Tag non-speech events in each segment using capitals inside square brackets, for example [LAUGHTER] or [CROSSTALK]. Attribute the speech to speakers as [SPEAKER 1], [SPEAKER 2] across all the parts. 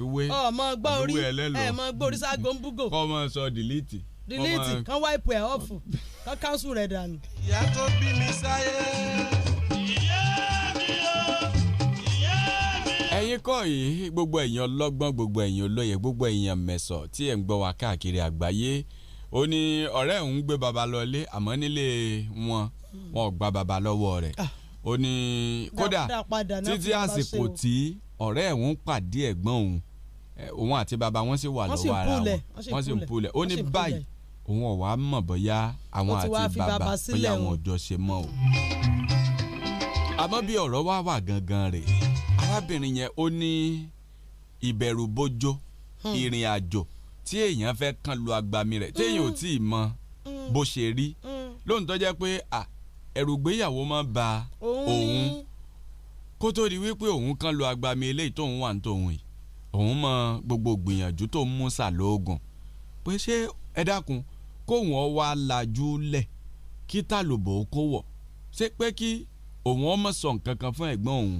[SPEAKER 1] ìwé ọmọ gbọ́ orí ẹ̀ mọ gbọ́ orí ságo ń búgò. kọ́ ọmọ sọ dìlítì. dìlítì
[SPEAKER 2] kan wáìpù ẹ̀ ọ̀fù kan káńsù rẹ̀ dànù.
[SPEAKER 1] ìyá tó bí mi sáyé. ẹ̀yin kọ́ yìí gbogbo ẹ̀yin ọlọ́gbọ́n gbogbo ẹ̀yin olóye gbogbo ẹ̀yin mẹ̀sọ̀ tí ẹ̀ ń gbọ́ wa káàkiri àgbáyé ó ní ọ̀rẹ́ òun gbé baba lọlé àmọ́ nílé wọn wọn gba baba lọ́wọ́ rẹ̀ ah. ó ní kódà títí àsìkò tí ọ̀rẹ́ òun pàdé ẹ̀gbọ́n òun òun àti bàbá wọn sì wà lọ́wọ́ ara wọn wọ́n sì ń pulẹ̀ ó ní báyìí òun ọ̀wá mọ̀ bóyá àwọn àti bàbá bóyá àwọn ọ̀jọ́ ṣe mọ́ o. àmọ́ bí ọ̀rọ̀ wá wà gangan rẹ̀ arábìnrin yẹn ó ní ìbẹ̀rù bójó hmm. ìrìn àjò tí èèyàn fẹ́ kàn lu agbami rẹ̀ téèyàn ò hmm. tí ì mọ hmm. bó ṣe rí lóhùn tó jẹ́ pé ẹ̀rù gbéyàwó máa ń ba
[SPEAKER 3] òun
[SPEAKER 1] kó tó di wípé òun kan lo agbami eléyìí tóun wà ní tòun yìí òun mọ gbogbo gbìyànjú tó ń mú sà lóògùn pé ṣé ẹ dákun kóun ọ wá lajú lẹ̀ kí tàlùbọ̀ kó wọ̀ ṣé pé kí òun ọmọ sọ nǹkan kan fún ẹ̀gbọ́n òun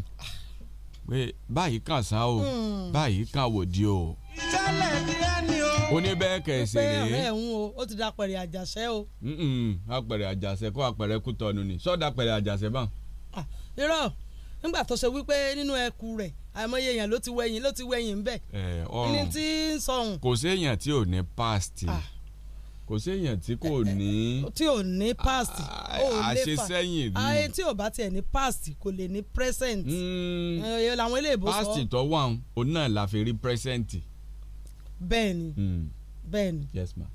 [SPEAKER 1] pé báyìí kàn sá o hmm. báyìí kàn wò di o. ìjálẹ̀ ni ẹ ní
[SPEAKER 2] o. ó ní bẹ́ẹ̀ kẹ̀sì rèé. pé ọ̀rẹ́ ẹ̀hún ó ti da pẹ̀rẹ̀ àjàṣẹ́ o.
[SPEAKER 1] apẹ̀rẹ̀ àjàṣẹ́ kó apẹ̀rẹ̀ kú tọ́nu ni sọ́ọ́ pẹ̀rẹ̀ àjàṣẹ́ bá.
[SPEAKER 2] Ah, irọ́ nígbà tó ṣe wípé nínú ẹkù rẹ̀ àìmọye èèyàn ló ti wẹ̀yìn ló ti wẹ̀yìn bẹ́ẹ̀.
[SPEAKER 1] ẹ ọrùn ní
[SPEAKER 2] ti ń sọhùn.
[SPEAKER 1] kò sí èèyàn tí ò ní past kò sí èèyàn tí kò eh, eh, ní.
[SPEAKER 2] tí ò ní past ó lè fa àṣesẹ́yìn rí. ayé tí ò bá tiẹ̀ ní past kò lè ní present. Hmm. Eh, ẹ làwọn eléèbó sọ. past tó
[SPEAKER 1] wà ń òun náà la fi rí present. bẹ́ẹ̀ni hmm. bẹ́ẹ̀ni. yes ma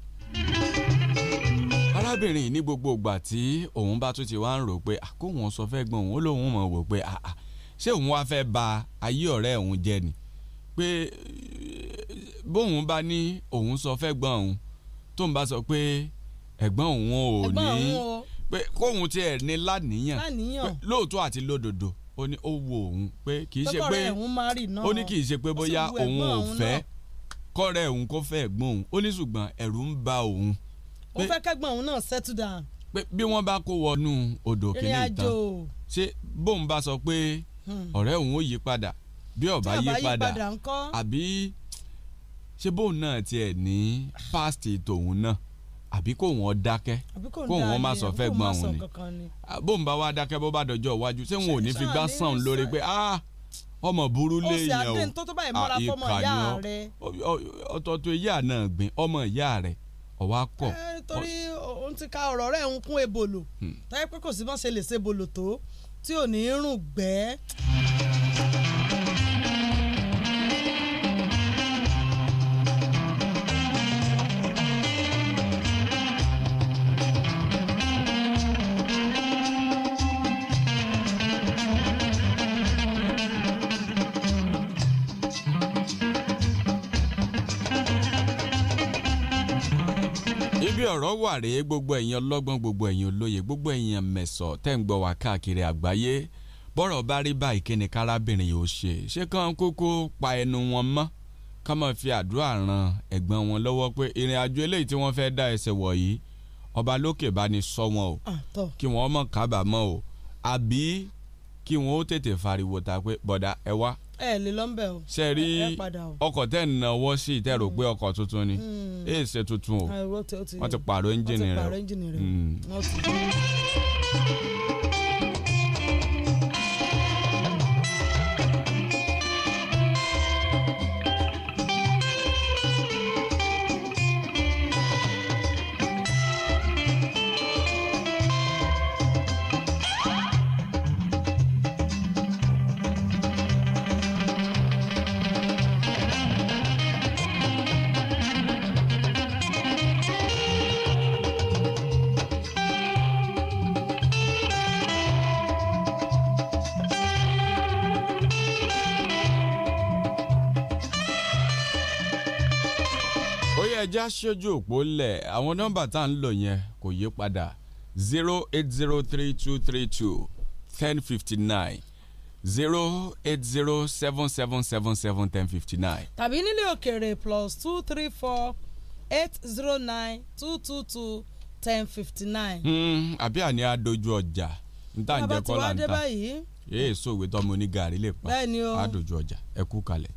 [SPEAKER 1] arábìnrin ní gbogbo ìgbà tí òun bá tún ti wá ń rò pé àkóhun sọ fẹ́ gbọ́n òun ó lóun mọ̀ wò pé ṣé òun wá fẹ́ ba ayé ọ̀rẹ́ òun jẹ ni pé bóun bá ní òun sọ fẹ́ gbọ́n òun tóun bá sọ pé ẹ̀gbọ́n òun ò ní pé kóun tiẹ̀ ní láníyàn lóòótọ́ àti lódodo ó ní ó wo òun pé kì í ṣe pé
[SPEAKER 2] ó ní kì í ṣe pé bóyá òun ò fẹ́
[SPEAKER 1] kọ́rẹ́ òun kó fẹ́ ẹ̀gbọ́n òun ó ní ṣùgbọ́n ẹ̀rù ń ba òun ó fẹ́
[SPEAKER 2] kẹ́gbọ́n òun náà settle down.
[SPEAKER 1] pé bí wọ́n bá kó wọnú odò kìíní ìtàn ṣé bóun bá sọ pé hmm. ọ̀rẹ́ òun ó yí padà bí ọba yí padà àbí ṣé bóun náà tiẹ̀ ní past tòun náà àbí kò wọ́n dákẹ́ kò wọ́n má sọ fẹ́ gbọ́n òun ni bóun bá wá dákẹ́ bó bá dọjọ́ iwájú ṣé wọn ò ní fi gbá sàn lórí pé ah ọmọ burú léèyàn o ìkànnì ọtọ̀tọ̀ ìyá náà gbìn ọmọ ìyá rẹ̀ ọwọ́ akọ.
[SPEAKER 2] torí ohun ti ka ọ̀rọ̀ rẹ̀ ń kún ebolo hmm. táyé pé kò sí bọ́n ṣe lè ṣe ebolo tó tí ò ní í rùn gbẹ́ẹ́.
[SPEAKER 1] ọ̀rọ̀ wà rèé gbogbo ẹ̀yin ọlọ́gbọ́n gbogbo ẹ̀yin olóye gbogbo ẹ̀yin mẹ̀sọ̀ tẹ́ ń gbọ́ wá káàkiri àgbáyé bọ́rọ̀ bá rí báyìí kí kárábìnrin yóò ṣe ṣé kán kókó pa ẹnu wọn mọ́ ká máa fi àdúrà ran ẹ̀gbọ́n wọn lọ́wọ́ pé ìrìn àjò eléyìí tí wọ́n fẹ́ dá ẹsẹ̀ wọ̀nyí ọba lókè bá ní sọ wọn o kí wọ́n má kábàámọ̀ o àbí kí wọ́n ó tètè fariwo ta pé bọ̀dá ẹ wá
[SPEAKER 2] ẹ lè lọ́nbẹ̀ o. ṣe rí
[SPEAKER 1] ọkọ̀ tẹ́ ń náwó sí tẹ́ rò pé ọkọ̀ tuntun ni èyí hmm. ṣe tuntun o wọ́n ti pààrọ̀ ẹ́ńjìnì rẹ̀ o. Hmm. sójú òpó lẹ̀ àwọn nọ́mbà tá à ń lò yẹn kò yí padà zero eight zero three two three two ten fifty nine zero eight zero seven seven seven seven ten fifty nine.
[SPEAKER 2] tàbí nílé òkèèrè plus two three four eight zero nine two two two ten fifty nine.
[SPEAKER 1] Hmm, àbí àní àdójú ọjà níta ń jẹ́ kọ́lá níta èé sòwe tọmọ onígàrí lè pa àdójú ọjà ẹ kú kalẹ̀.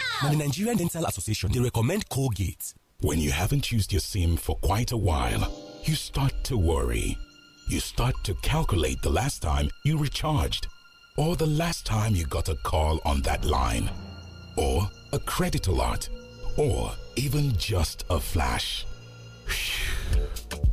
[SPEAKER 4] Now, the
[SPEAKER 1] Nigerian Dental Association, they recommend Colgate. When you haven't used your SIM for quite a while, you start to worry. You start to calculate the last time you recharged, or the last time you got a call on that line, or a credit alert, or even just a flash.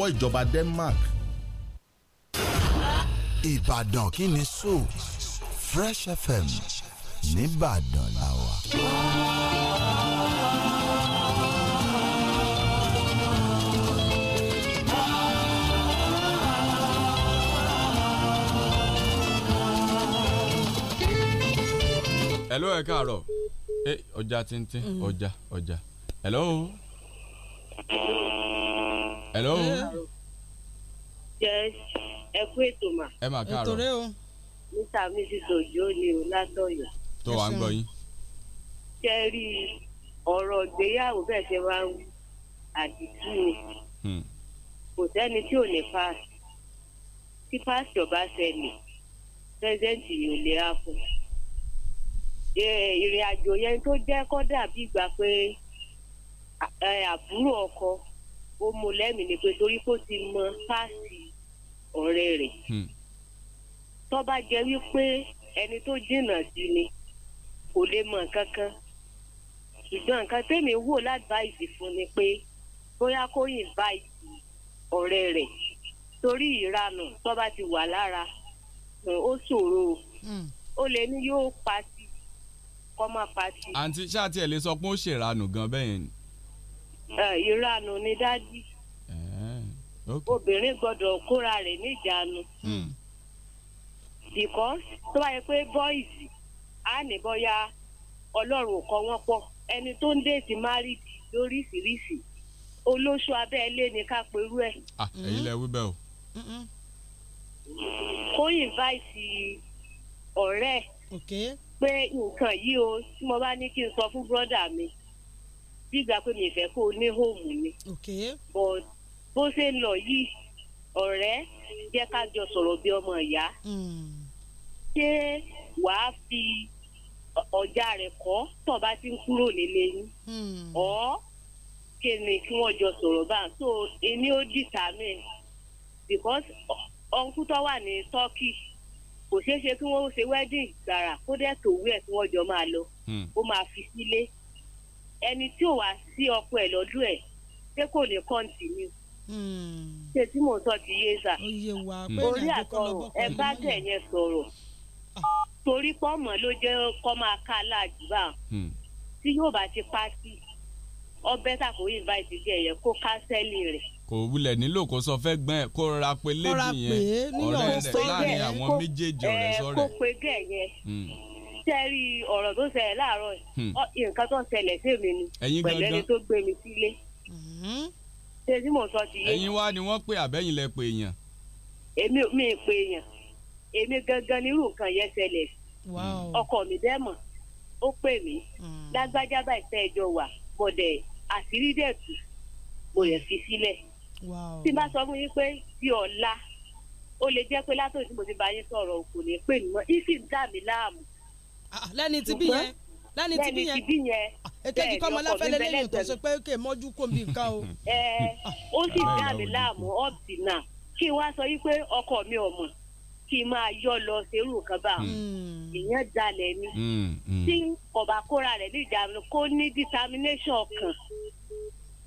[SPEAKER 1] lọ́wọ́ ìjọba Denmark. Ìbàdàn kí ni so Fresh FM nìbàdàn làwà. hello ẹ káàárọ̀ eh, ọjà Tintin, mm. ọjà ọjà hello. Mm hello.
[SPEAKER 5] yes ẹ kú ètò mà. ẹ mà káàárọ̀ ètò rẹ o. mr mrs ojo ni o látọ̀yọ̀.
[SPEAKER 1] tó wàá ń gbọ́ yín.
[SPEAKER 5] ṣe rí ọ̀rọ̀ ìgbéyàwó bẹ́ẹ̀ ṣe máa ń àdìtú ni hmm. kò sẹ́ni tí ò ní pass tí pásítọ̀ bá ṣẹlẹ̀ pẹ́sẹ́ǹtì yìí ò lè ra fún un. ìrìn àjò yẹn tó jẹ́ kọ́ dàbí ìgbà pé àbúrò ọkọ ó mú lẹ́mìí ni pé torí kó ti mọ páàsì ọ̀rẹ́ rẹ̀ hmm. tó bá jẹ́ wípé ẹni tó jìnnà sí ni kò lè mọ̀ kankan ṣùgbọ́n nǹkan tèmi wò láàdváìsì fún ni pé bóyá kó invite ọ̀rẹ́ rẹ̀ torí ìranù tó bá ti wà lára
[SPEAKER 3] ó ṣòro hmm.
[SPEAKER 5] ó lè ní yóò pati kọ́ máa pati.
[SPEAKER 1] àǹtí ṣáà tiẹ̀ lè sọ pé ó ṣèranù gan bẹ́ẹ̀ ni.
[SPEAKER 5] ìranu ni dájú obìnrin gbọdọ kóra rẹ níjàánu hmm. because tó bá yẹ pé boys á ní bóyá ọlọ́run ò kọ́ wọ́n pọ̀ ẹni tó ń déètì married lóríṣiríṣi olóṣù abẹ́lé ni ká perú ẹ̀.
[SPEAKER 1] ẹ̀yin lẹ wí bẹ́ẹ̀ o.
[SPEAKER 5] kó ọ̀rẹ́ pé nǹkan yìí o tí mo bá ní kí n sọ fún mi. bí pé mi fẹ́ kó o ní hóòmù ni. but bó ṣe ń lọ yìí ọ̀rẹ́ jẹ́ ká jọ sọ̀rọ̀ bí ọmọ ìyá. Hmm. ṣé wàá fi ọjà rẹ̀ kọ́ tó bá ti ń kúrò nílé yín. Hmm. ọ̀ kéne kí wọ́n jọ sọ̀rọ̀ bá so èmi ó dìtà mi because ọ̀nkú tó wà ní turkey kò ṣeé ṣe kí wọ́n ṣe wedding gbàrà kó dẹ̀ tòwú ẹ̀ tí wọ́n jọ máa lọ hmm. ó máa fi sílé. Si ẹni tí ò wá sí ọkọ ẹ̀ lọ́dún ẹ̀ pé kò lè kọ́ntínú. Hmm. ṣé tí mò ń sọ ti yé sà. Hmm. orí àtọrọ ẹ bá tẹ̀ yẹn sọ̀rọ̀ ah. torí pọ́ọ̀mọ́ ló jẹ́ kọ́ máa ká aláàjùbà hmm. tí yóò bá ti pátì ọbẹ̀ tà invite jẹ yẹ kó kánsẹ́lì rẹ̀.
[SPEAKER 1] kò wulẹ̀ nílò kó sọ fẹ́ gbọ́n ẹ̀ kó rọra pé lẹ́yìn yẹn ọ̀rẹ́ rẹ̀ láàrin àwọn méjèèjì ọ̀rẹ́ sọ̀rẹ́. Eh, kó
[SPEAKER 5] pe gẹ̀ yẹn sẹ́rí ọ̀rọ̀ tó ṣẹlẹ̀ láàárọ̀ yìí hmm. nǹkan tó ń ṣẹlẹ̀ sí èmi ni pẹ̀lú ẹni tó gbé mi sílé hmm. ṣé tí mò ń sọ ti yé. ẹ̀yin
[SPEAKER 1] wá ni wọ́n pè àbẹ́yìn lẹ pè èèyàn.
[SPEAKER 5] èmi mi pè èèyàn èmi gangan nírú nǹkan yẹn ṣẹlẹ̀ hmm. ọkọ mi bẹ́ẹ̀ mọ̀ ó pè mí lágbájá báyìí fẹ́ jọ wà bọ̀dẹ̀ àṣírí dẹ̀ tù mo yẹ fi sílẹ̀ tí n bá sọ fún yín pé ti ọ̀la ó lè jẹ́ pé látòjú mo ti bá yín sọ̀rọ̀ òkò ní pè mí mọ́ ìfì ń dà mí láàmú Ah, ah, lẹ́ni tí bí yẹn lẹ́ni tí bí yẹn sọ pé kè mọ́jú kò bí nǹkan o. ẹ [LAUGHS] eh, ó sì dá mi láàmú kí n wá sọ yí pé ọkọ mi ò mọ̀ kí n máa yọ lọ serú nǹkan bá
[SPEAKER 3] hmm.
[SPEAKER 5] ìyẹn dalẹ̀ ni
[SPEAKER 3] hmm, hmm.
[SPEAKER 5] tí ọba kóra rẹ̀ ní ní determination ọkàn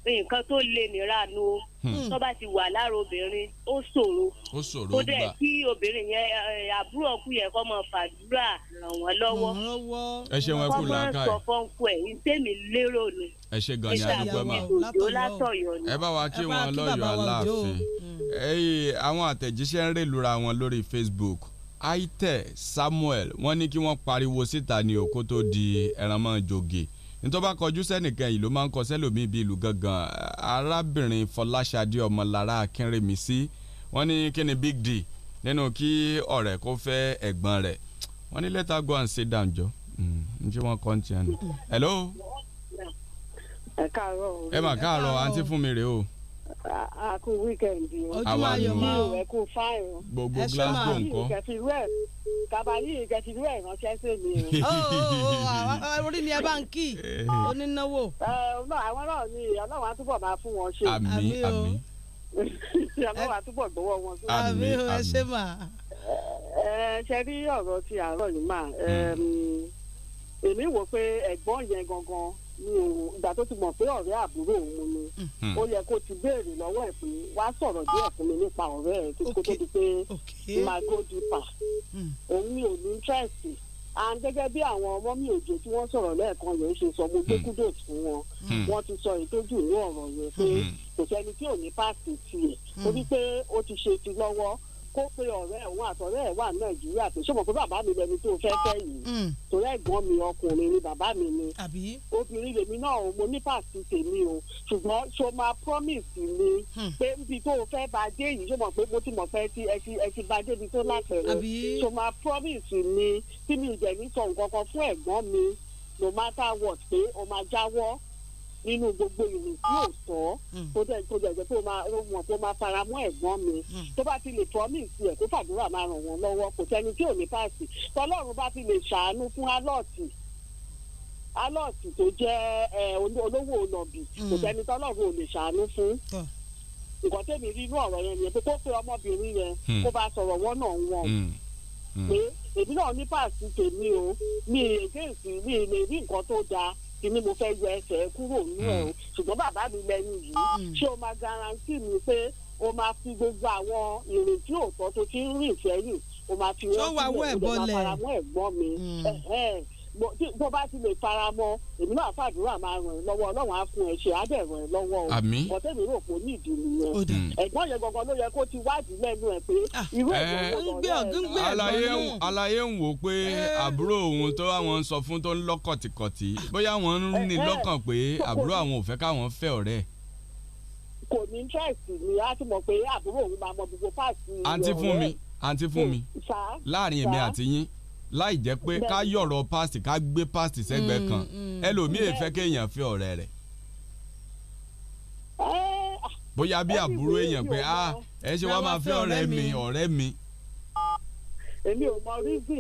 [SPEAKER 5] nǹkan tó lè nira nu hmm. tó bá ti wà lára obìnrin ó ṣòro
[SPEAKER 1] ó ṣòro gbà kódà
[SPEAKER 5] kí obìnrin yẹn eh, àbúrò ọkù yẹn kó máa fàdúrà ràn wọ́n lọ́wọ́
[SPEAKER 1] ẹ ṣe wọn kú làákà ẹ kọ́ máa sọ
[SPEAKER 5] fọ́nkú ẹ ìṣe mi lérò ni
[SPEAKER 1] ẹ ṣe gan ni àdúgbò ma
[SPEAKER 5] ẹ bá wa kí wọn lọ́yọ̀ọ́ aláàfin
[SPEAKER 1] àwọn àtẹ̀jíṣẹ́ ń rèlura wọn lórí Facebook aite Samuel wọ́n ní kí wọ́n pariwo síta ní òkú tó di ẹran mọ́ joge nítorí bá kọjú sẹ́nìkan yìí ló máa ń kọ sẹ́lòmíì bíi ìlú gangan arábìnrin fọláṣadé ọmọlára akínrẹ̀mísí wọ́n ní kí ni big d nínú kí ọ̀rẹ́ kó fẹ́ ẹ̀gbọ́n rẹ̀ wọ́n ní lẹ́tà go and sit down jọ hmm, n ṣe wọ́n kọ́ ń tiẹ̀ nù. hello.
[SPEAKER 6] káàárọ̀ àǹtí fún mi rèé o a kú wíkẹ̀ndì o. ojú ayọ̀ máa ń ẹ kú fáìn o. gbogbo glasgow nǹkan. kẹfìrú ẹ kàbáyé ẹ ránṣẹ́ sí mi [LAUGHS] o. Oh, oh, oh, orí mi ẹ bá ń kí eh. onínáwó. àwọn náà ni ọlọ́run á túbọ̀ máa fún wọn ṣe. àmín àmín. [LAUGHS] ọlọ́run á túbọ̀ gbowó wọn sí. ẹ ṣe mà. ẹ ṣe rí ọ̀rọ̀ ti àárọ̀ yìí mà èmi wò pé ẹ̀gbọ́n yẹn gangan ni òun ìgbà tó ti mọ̀ pé ọ̀rẹ́ àbúrò òun ni hmm. ó yẹ kó ti béèrè lọ́wọ́ ẹ̀ pé wá sọ̀rọ̀ díẹ̀ fún mi nípa ọ̀rẹ́ ẹ̀ kó tó di pé máa go deeper hmm. òun ni òun interest and gẹ́gẹ́ bí àwọn ọmọ mi òjò tí wọ́n sọ̀rọ̀ lẹ́ẹ̀kan yẹn ṣe sọ mo gbé hmm. kudos fún wọn wọ́n ti sọ ìtọ́jú ìwé ọ̀rọ̀ yẹn pé kò sẹ́ni tí ò ní pàṣẹ tiẹ̀ torí pé ó ti ṣe ti lọ́wọ́ kó pe ọ̀rẹ́ ẹ̀ wà àtọ̀rẹ́ ẹ̀ wà nàìjíríà pé ṣé mo pé bàbá mi lẹni tó fẹ́ fẹ́ mm. torí ẹ̀gbọ́n mi ọkùnrin ni bàbá mi ni obìnrin lèmi náà o mo ní pàṣẹ tèmi o ṣùgbọ́n ṣo máa promise mi hmm. pé níbi tó fẹ́ bá dé yìí ṣé pé mo ti mọ̀ pé ẹ ti bá débi tó látẹ̀rẹ̀ ṣo máa promise mi tí mi ìdẹ̀ sọ nǹkan kan fún ẹ̀gbọ́n mi no matter what pé o máa jáwọ́ nínú gbogbo ìrìn tí ò sọ tó dẹ̀ tó dẹ̀ jẹ́ pé ó mọ̀ tó máa fara mọ́ ẹ̀gbọ́n mi hmm. tó bá ti lè fọ́ mí ìsìn ẹ̀ kó fàdúrà máa ràn wọ́n lọ́wọ́ kò sẹ́ni tí ò ní páàsì tọ́lọ́run bá ti lè ṣàánú fún alọ́ọ̀tì alọ́ọ̀tì tó jẹ́ olówó olọ́bì kò hmm. sẹ́ni tọ́lọ́run ò lè ṣàánú fún nǹkan tẹ̀mí rí inú ọ̀rọ̀ yẹn nìyẹn pé kó pe ọmọbìnrin yẹn hmm. kó bá sọ̀rọ̀ wọ́n náà wọ̀n pé èmi náà ní páàsì tèmi o mi èké ìsìn mi lè rí nǹkan tó dáa kíní mo fẹ́ yọ ẹsẹ̀ kúrò nínú ẹ̀ hmm. o ṣùgbọ́n bàbá mi lẹ́yìn yìí hmm. ṣé o máa garanti mi pé o máa fi gbogbo àwọn ìrètí òótọ́ tó ti ń rìn sẹ́yìn o máa fi wọ́n sílẹ̀ o máa faramọ́ ẹ̀gbọ́n mi hmm bó bá ti lè fara mọ́ èmi náà fàdúrà máa ràn ẹ́ lọ́wọ́ ọlọ́run á fún ẹ ṣe á dẹ̀ ràn ẹ́ lọ́wọ́ o bọ́tẹ́ mi rò pé ó ní ìdí nìyẹn ẹ̀gbọ́n yẹn gangan ló yẹ kó ti wádìí lẹ́nu ẹ̀ pé ah, irú ìgbọ̀ngàn
[SPEAKER 1] àlàyé ń wò pé àbúrò òun tó àwọn sọ fún tó ń lọ kọ̀tìkọ̀tì bóyá wọ́n ń ní lọ́kàn pé àbúrò àwọn ò fẹ́ káwọn fẹ́ ọ̀rẹ́
[SPEAKER 6] kò ní interest ni a ti mọ̀ pé àbúrò òun máa mọ gbogbo fáàsì. àǹtí fún mi àǹtí fún mi láàrin èmi àti
[SPEAKER 1] yín láì jẹ́ pé ká yọ̀rọ̀ pásítì ká gbé pásítì sẹ́gbẹ́ mm, kan mm. ẹlòmíì fẹ́ kéèyàn fi ọ̀rẹ́ rẹ̀ bóyá bí àbúrò èèyàn pé ah ẹ ṣe wá máa fẹ́ ọ̀rẹ́ mi ọ̀rẹ́ mi.
[SPEAKER 6] èmi ò mọ rízì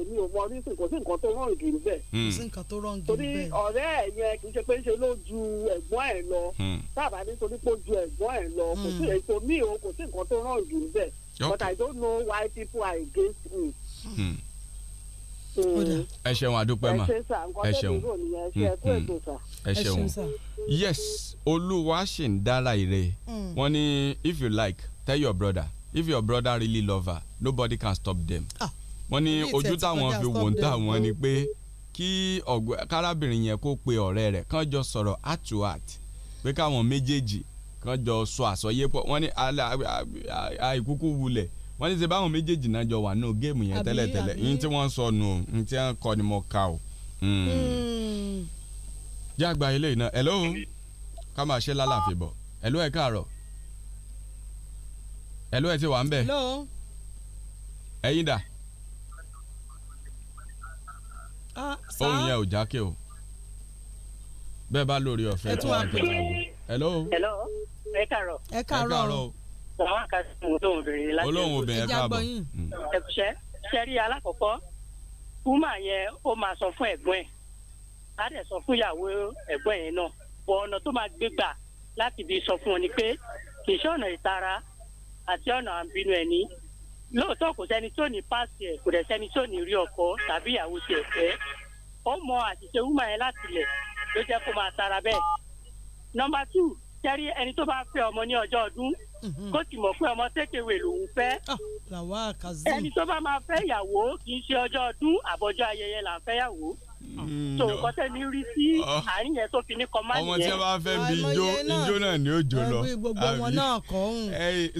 [SPEAKER 6] èmi ò mọ rízì kò sí nǹkan tó rán ìdùnnú bẹ́ẹ̀. Hmm. kò sí
[SPEAKER 2] nǹkan tó rán ìdùnnú bẹ́ẹ̀.
[SPEAKER 6] ọ̀rẹ́ ẹ̀ yẹn kì í ṣe pé ń ṣe ló ju ẹ̀gbọ́n ẹ̀ lọ sábà hmm. nítorí pé ó ju ẹ̀gbọ́n ẹ̀ lọ kò sí hmm. èso mi o kò sí nǹkan tó rán ìdùnnú bẹ́ẹ̀ but I don't know why people are against me.
[SPEAKER 1] Hmm ẹ ṣeun àdúpẹ́ mà ẹ ṣeun ẹ ṣeun yes olúwa ṣì ń dára ire wọ́n ní if you like tell your brother if your brother really love her nobody can stop them wọ́n ní ojú táwọn fi wò ń táwọn ni pé kí kárábìnrin yẹn kó pe ọ̀rẹ́ rẹ̀ kán jọ sọ̀rọ̀ heart to heart pé káwọn méjèèjì kán jọ sọ àsọyépọ̀ wọ́n ní àìkúkú wulẹ̀ wọ́n ní ṣe báwọn méjèèjì náà jọ wà nínú géèmù yẹn tẹ́lẹ̀tẹ́lẹ̀ yín tí wọ́n sọ nù ń tí wọ́n kọ́ ni mo ka o. Hmm. Hmm. jẹ́ àgbà ilé iná hello ká máa ṣe lálàáfíà bọ̀ hello ẹ káàárọ̀ hello ẹ ti wà ń bẹ̀ ẹ̀yin dà
[SPEAKER 5] ah, ohun yẹn
[SPEAKER 1] ò jákè o bẹ́ẹ̀ bá lórí ọ̀fẹ́ tó wà ń bẹ̀ hello
[SPEAKER 5] ẹ káàárọ̀ ẹ káàárọ̀
[SPEAKER 1] o. làwọn àkàtì mò ń lóun bèrè láti. olóhùn obìnrin káàbọ̀
[SPEAKER 5] ẹ̀kúṣẹ́ sẹ́rí mm. alákọ̀ọ́kọ́ kúmà yẹn ó máa sọ fún ẹ̀gbọ́n ẹ̀ á dẹ̀ sọ fún ìyàwó ẹ̀gbọ́n yẹn náà bọ̀ ọ̀nà tó máa gbé gbà láti fi sọ fún ọ ni pé kì í ṣe ọ̀nà ìtara àti ọ̀nà àbínú ẹni lóòótọ́ kò sẹ́ni tó ní páàsì ẹ̀ kò dẹ̀ sẹ́ni tó ní rí ọkọ tàbí ìyàwó ti ẹ̀ fẹ́ ó mọ àṣìṣe wúmà yẹn láti lẹ̀ ló jẹ́ kó máa tara bẹ́ẹ̀. nọmba two sẹ́rí ẹni tó bá fẹ́ ọmọ ní ọjọ́ ọdún Mhm. kó sì mọ̀ pé ọmọ tẹ́kẹ̀wé lòún fẹ́ ah, ẹni tó bá máa fẹ́ ìyàwó kì í ṣe ọjọ́ ọdún àbọ̀jọ́ ayẹyẹ là ń fẹ́yàwó mm, so nǹkan tẹ́mi rí sí ah. àárín yẹn tó fi ní kọ́ máa yẹn. ọmọ tí a bá fẹ́ bi ijó ijó náà
[SPEAKER 1] ni ó jò lọ àbí gbogbo wọn náà kọ́ òun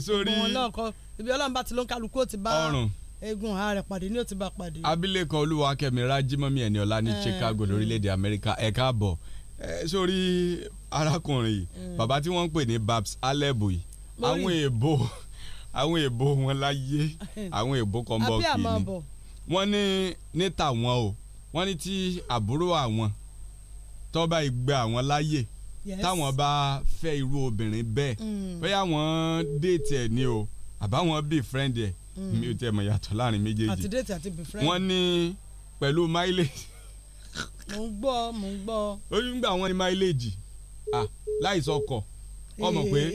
[SPEAKER 1] gbogbo wọn náà
[SPEAKER 2] kọ́ ibi ọlọ́run bá ti ló ń kálukú ó ti bá ọrùn egun ààrẹ pàdé ni ó ti bá pàdé.
[SPEAKER 1] abilékọ olúwakẹ́mi rájímọ́mí ẹni ọlá ní eh. Chicago lórílẹ̀‐èdè Amẹ́ríkà ẹ káàbọ̀ sórí arákùnrin eh. bàbá tí wọ́n ń pè ní Babs Alẹ́bùi àwọn èèbò àwọn èèbò wọn láyé [LAUGHS] àwọn èèbò kan bọ kì í wọ́n ní ní tàwọn o wọ́n ní tí àbúrò àwọn tó bá ìgbà àwọn láyè táwọn bá fẹ́ irú obìnrin bẹ́ẹ̀ mm. bóyá wọ́n déètì ẹ̀ ni o àbáwọn bíi friend ẹ̀ mm. mi ò tẹ̀ mọ̀ yàtọ̀ láàrin méjèèjì wọ́n ní pẹ̀lú mileage. [LAUGHS] mo ń gbọ́ mo ń gbọ́. ó ń gbà wọ́n ní mileage láìsọkọ̀ ọmọ pé [LAUGHS]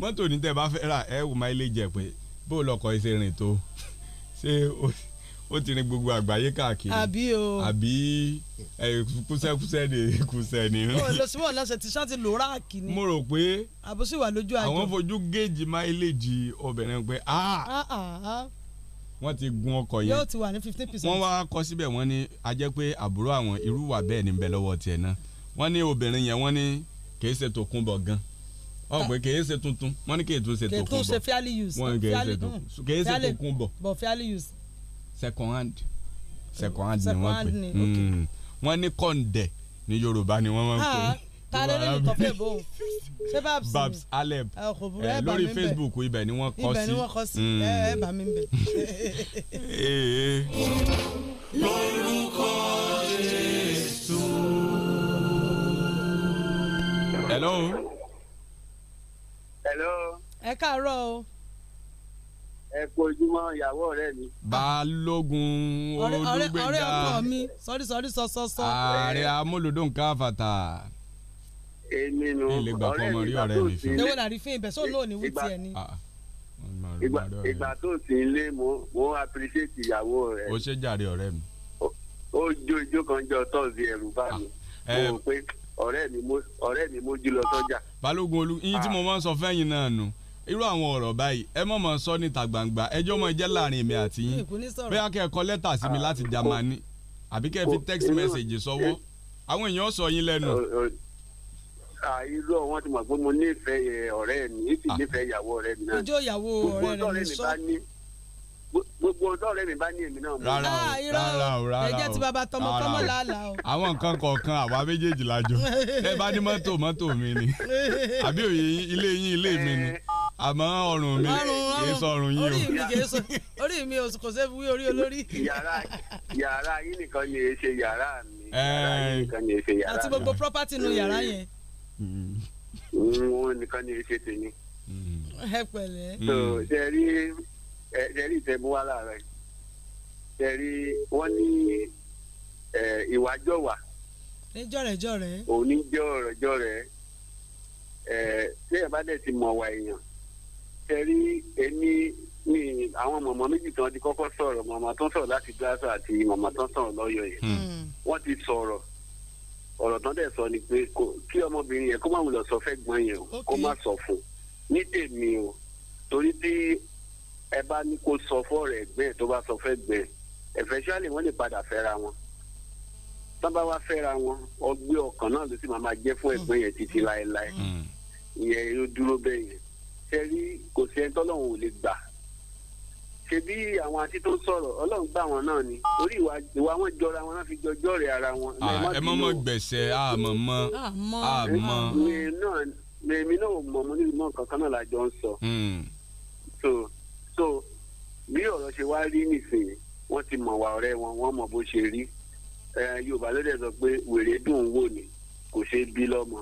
[SPEAKER 1] mọ́tò ní tẹ́ bá fẹ́ rà ẹ wò máìlèjì ẹ̀ pé bó lọkọ̀ ẹ ṣe rìn tó [LAUGHS] ṣé ó ti rin gbogbo àgbáyé káàkiri àbí o àbí kúsẹ́kúsẹ́ ni [LAUGHS] kúsẹ́ ni. olùsíwọ̀n lọ́sẹ̀ tí sọ́ọ́ lò ráàkì ni. mo rò pé àbúṣìwà lójú àjọ àwọn fojú géèjì máìlèjì obìnrin pé wọ́n ti gun ọkọ̀ yẹn yóò
[SPEAKER 2] ti wà ní fifteen percent. wọ́n wá
[SPEAKER 1] kọ síbẹ̀ wọ́n ní a jẹ́ pé àbúrò àwọn irú wà bẹ́ẹ̀ ni bẹ́ẹ̀ lọ́wọ́ tiẹ̀ náà wọ́n ní obìnrin yẹn wọ́n ní kì tó kún bọ̀ gan ọgbẹ kìí ṣe tuntun wọn ní kìí tún ṣe tó kún bọ kìí tún ṣe fairly use wọn kìí ṣe tó mm-hmm. kìí ṣe tó kún bọ
[SPEAKER 2] but fairly use.
[SPEAKER 1] second hand second hand ni wọn pè hmm. wọn ní kọ́ńdẹ̀ ní yorùbá ni wọ́n máa ń pè tààrẹ lè tọ́ pé bò ó ṣé babs babs aleb ah,
[SPEAKER 2] eh, ẹ lórí facebook
[SPEAKER 1] ibẹ̀ ni wọ́n kọ sí ibẹ̀ ni wọ́n kọ sí hmm. eh, ẹ
[SPEAKER 2] bá mi bẹ̀.
[SPEAKER 3] lórúkọ jésù.
[SPEAKER 1] hello
[SPEAKER 7] hello. ẹ káàárọ̀ o. ẹ kú ojúmọ́ ìyàwó ọ̀rẹ́ mi.
[SPEAKER 1] balógun olùgbèjà ọ̀rẹ́ ọkọ mi
[SPEAKER 2] sọrí sọrí sọ sọ sọ. ààrẹ amúlùdó nǹkan èmi
[SPEAKER 1] nù ọ̀rẹ́ mi tó sì ń lé.
[SPEAKER 2] ìgbà
[SPEAKER 7] tó sì ń lé ìgbà tó sì ìgbà tó sì ń lé mo mo appreciate ìyàwó rẹ. o
[SPEAKER 1] ṣe jàre ọ̀rẹ́ mi.
[SPEAKER 7] ó jó ijó kan jọ tọ́sí ẹ̀rù bá mi.
[SPEAKER 1] Ah, mo rò pé ọ̀rẹ́ mi mo ọ̀rẹ́ mi mo jí lọ sọ́jà. balógun olú yín tí mo ah. máa ń sọ fẹ́yìn náà nù irú àwọn ọ̀rọ̀ báyìí ẹ mọ̀ mọ̀ sọ níta gbangba ẹjọ́ mọ̀ jẹ́ láàrin èmi àti yín bóyá kẹ́ ẹ kọ lẹ́tà sí mi ah. láti Jámánì àbí kẹ́ ẹ fi text message sọ́wọ́ àwọn èèyàn sọ yín lẹ́nu. Eh, eh, irú àwọn tí mo mọ̀ pé mo nífẹ̀ẹ́ eh, ọ̀rẹ́ mi èsì ah. nífẹ̀ẹ́ ìyàwó ọ̀rẹ́ mi náà. ìjọ ìyàwó ọ̀rẹ́ rẹ̀ ní sọ gbogbo ọ̀dọ́ rẹ
[SPEAKER 7] mi bá ní èmi náà. rárá o ah, rárá o rárá o ẹjẹ ti bàbá tọmọ tọmọ làálàá o.
[SPEAKER 1] àwọn nǹkan kọ̀ọ̀kan àwa méjèèjì la jọ ẹ bá ní mọ́tò mọ́tò mi ni àbí òye ilé yín ilé mi ni àmọ́ ọrùn mi kìí sọ ọrùn yín o. orí mi kìí sọ
[SPEAKER 2] orí mi kò sẹ́ fi
[SPEAKER 7] orí olórí. yàrá yàrá yín nìkan ni èé ṣe yàrá mi
[SPEAKER 1] yàrá yín nìkan ni èé
[SPEAKER 7] ṣe yàrá mi. àti gbogbo property nu yàrá mm. yẹn. Mm, wọn nìkan ni èé ṣe tèmi. Mm. ẹ pẹ̀lẹ́. ṣe rí ẹ̀rí ìtẹ̀mú wa lára yìí ẹ̀rí wọ́n ní ìwájọ́ wà. níjọ́rẹ̀jọ́rẹ̀. òní jọ́rẹ̀jọ́rẹ̀ ẹ̀ tí ẹ̀ bá dẹ̀ ti mọ̀ wà èèyàn ẹ̀rí èmi ní àwọn mọ̀mọ́ méjì tí wọ́n ti kọ́kọ́ sọ̀rọ̀ mọ̀mọ́ tó ń sọ̀rọ̀ láti gíláàsì àti mọ̀mọ́ tó ń sọ̀rọ̀ lọ́yọ̀ yẹn hmm. wọ́n ti sọ̀rọ̀ ọ̀rọ̀ tán dẹ̀ sọ ni pé kí ọmọbìnrin yẹn kó má wulọ̀ sọ fẹ́ gbọ́n yẹn o kó má sọ fún un ní tèmi o torí tí ẹ bá ní kó sọ fọ́ọ̀rọ̀ ẹ̀gbẹ́ tó bá sọ fẹ́ gbẹ́ ẹ̀fẹ́ṣálì wọ́n lè padà fẹ́ra wọn tán bá wá fẹ́ra wọn ọgbẹ́ ọkàn náà ló sì máa jẹ́ fún ẹ̀gbọ́n yẹn títí láéláé hmm. ìyẹn ló dúró bẹ́ẹ̀ yẹn ṣe rí kò sí ẹni tọ́lọ́run ò lè gbà ṣe bí àwọn àti tó sọ̀rọ̀ ọlọ́run gbà wọn náà ni orí ìwà wọn jọra wọn náà fi jọjọ́ rẹ̀ ara wọn. Ah, ẹ mọ́ mọ́
[SPEAKER 1] gbẹ̀sẹ̀ àmọ́ mọ́ àmọ́. mi
[SPEAKER 7] náà mi náà mọ̀ mo ní ìmọ̀ kankan náà la jọ ń sọ. Hmm so bí ọ̀rọ̀ ṣe wá rí nìsín wọ́n ti mọ̀ wá ọ̀rẹ́ wọn wọ́n mọ̀ bó ṣe rí yorùbá ló dẹ̀ sọ pé wèrè dùn wò ni kò ṣe bí lọ́mọ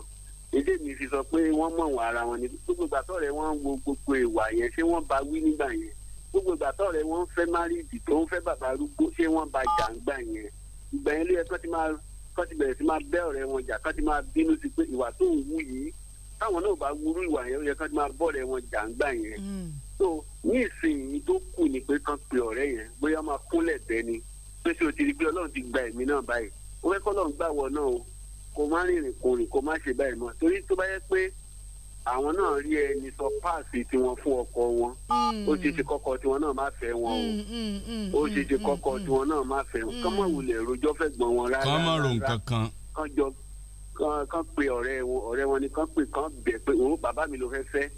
[SPEAKER 7] èdè mi fi sọ pé wọ́n mọ̀ wọ́n ara wọn ni gbogbo ìgbà tọ́rẹ̀ wọn ń wo gbogbo ìwà yẹn ṣé wọ́n bá wí nígbà yẹn gbogbo ìgbà tọ́rẹ̀ wọn ń fẹ́ márìdì tó ń fẹ́ bàbá arúgbó ṣé wọ́n bá jà ń gbà yẹn ìgbà yẹn ló yẹ kọ́ ti máa kọ́ ti bẹ̀rẹ̀ sí máa bẹ́ ọ̀rẹ́ wọn jà kọ́ ti máa bínú sí pé ìwà tó ń wú yìí táwọn náà bá wúrú ìwà yẹn ó yẹ kọ́ ti máa bọ́ ọ̀rẹ́ wọn jà ń gbà yẹn mm so ní ìsinyìí tó kù ni pé kán pe ọ̀rẹ́ yẹn bóyá máa kúnlẹ̀ bẹ́ẹ̀ ni pé ṣé o ti rí pé ọlọ́run ti gba ẹ̀mí náà báyìí ó fẹ́ kọ́lọ́run gbà wọ náà o kò má rìnrìn kò rìn kò má ṣe báyìí mọ́ torí tó bá yẹ pé àwọn náà rí ẹni sọ páàsì tiwọn fún ọkọ wọn ó hmm. ṣe ṣe kọ́kọ tiwọn náà má fẹ́ wọn o hmm,
[SPEAKER 3] hmm, ó ṣe ṣe kọ́kọ
[SPEAKER 7] tiwọn náà má fẹ́ wọn kán mọ̀ wulẹ̀ rojọ́ fẹ́ gbọ́n wọn rárá kán mọ̀ rò nǹkan kan jọ kán pe ọ̀rẹ́ wọn ni kán pe kán bẹ̀ pé òun bàbá mi ló fẹ́ fẹ́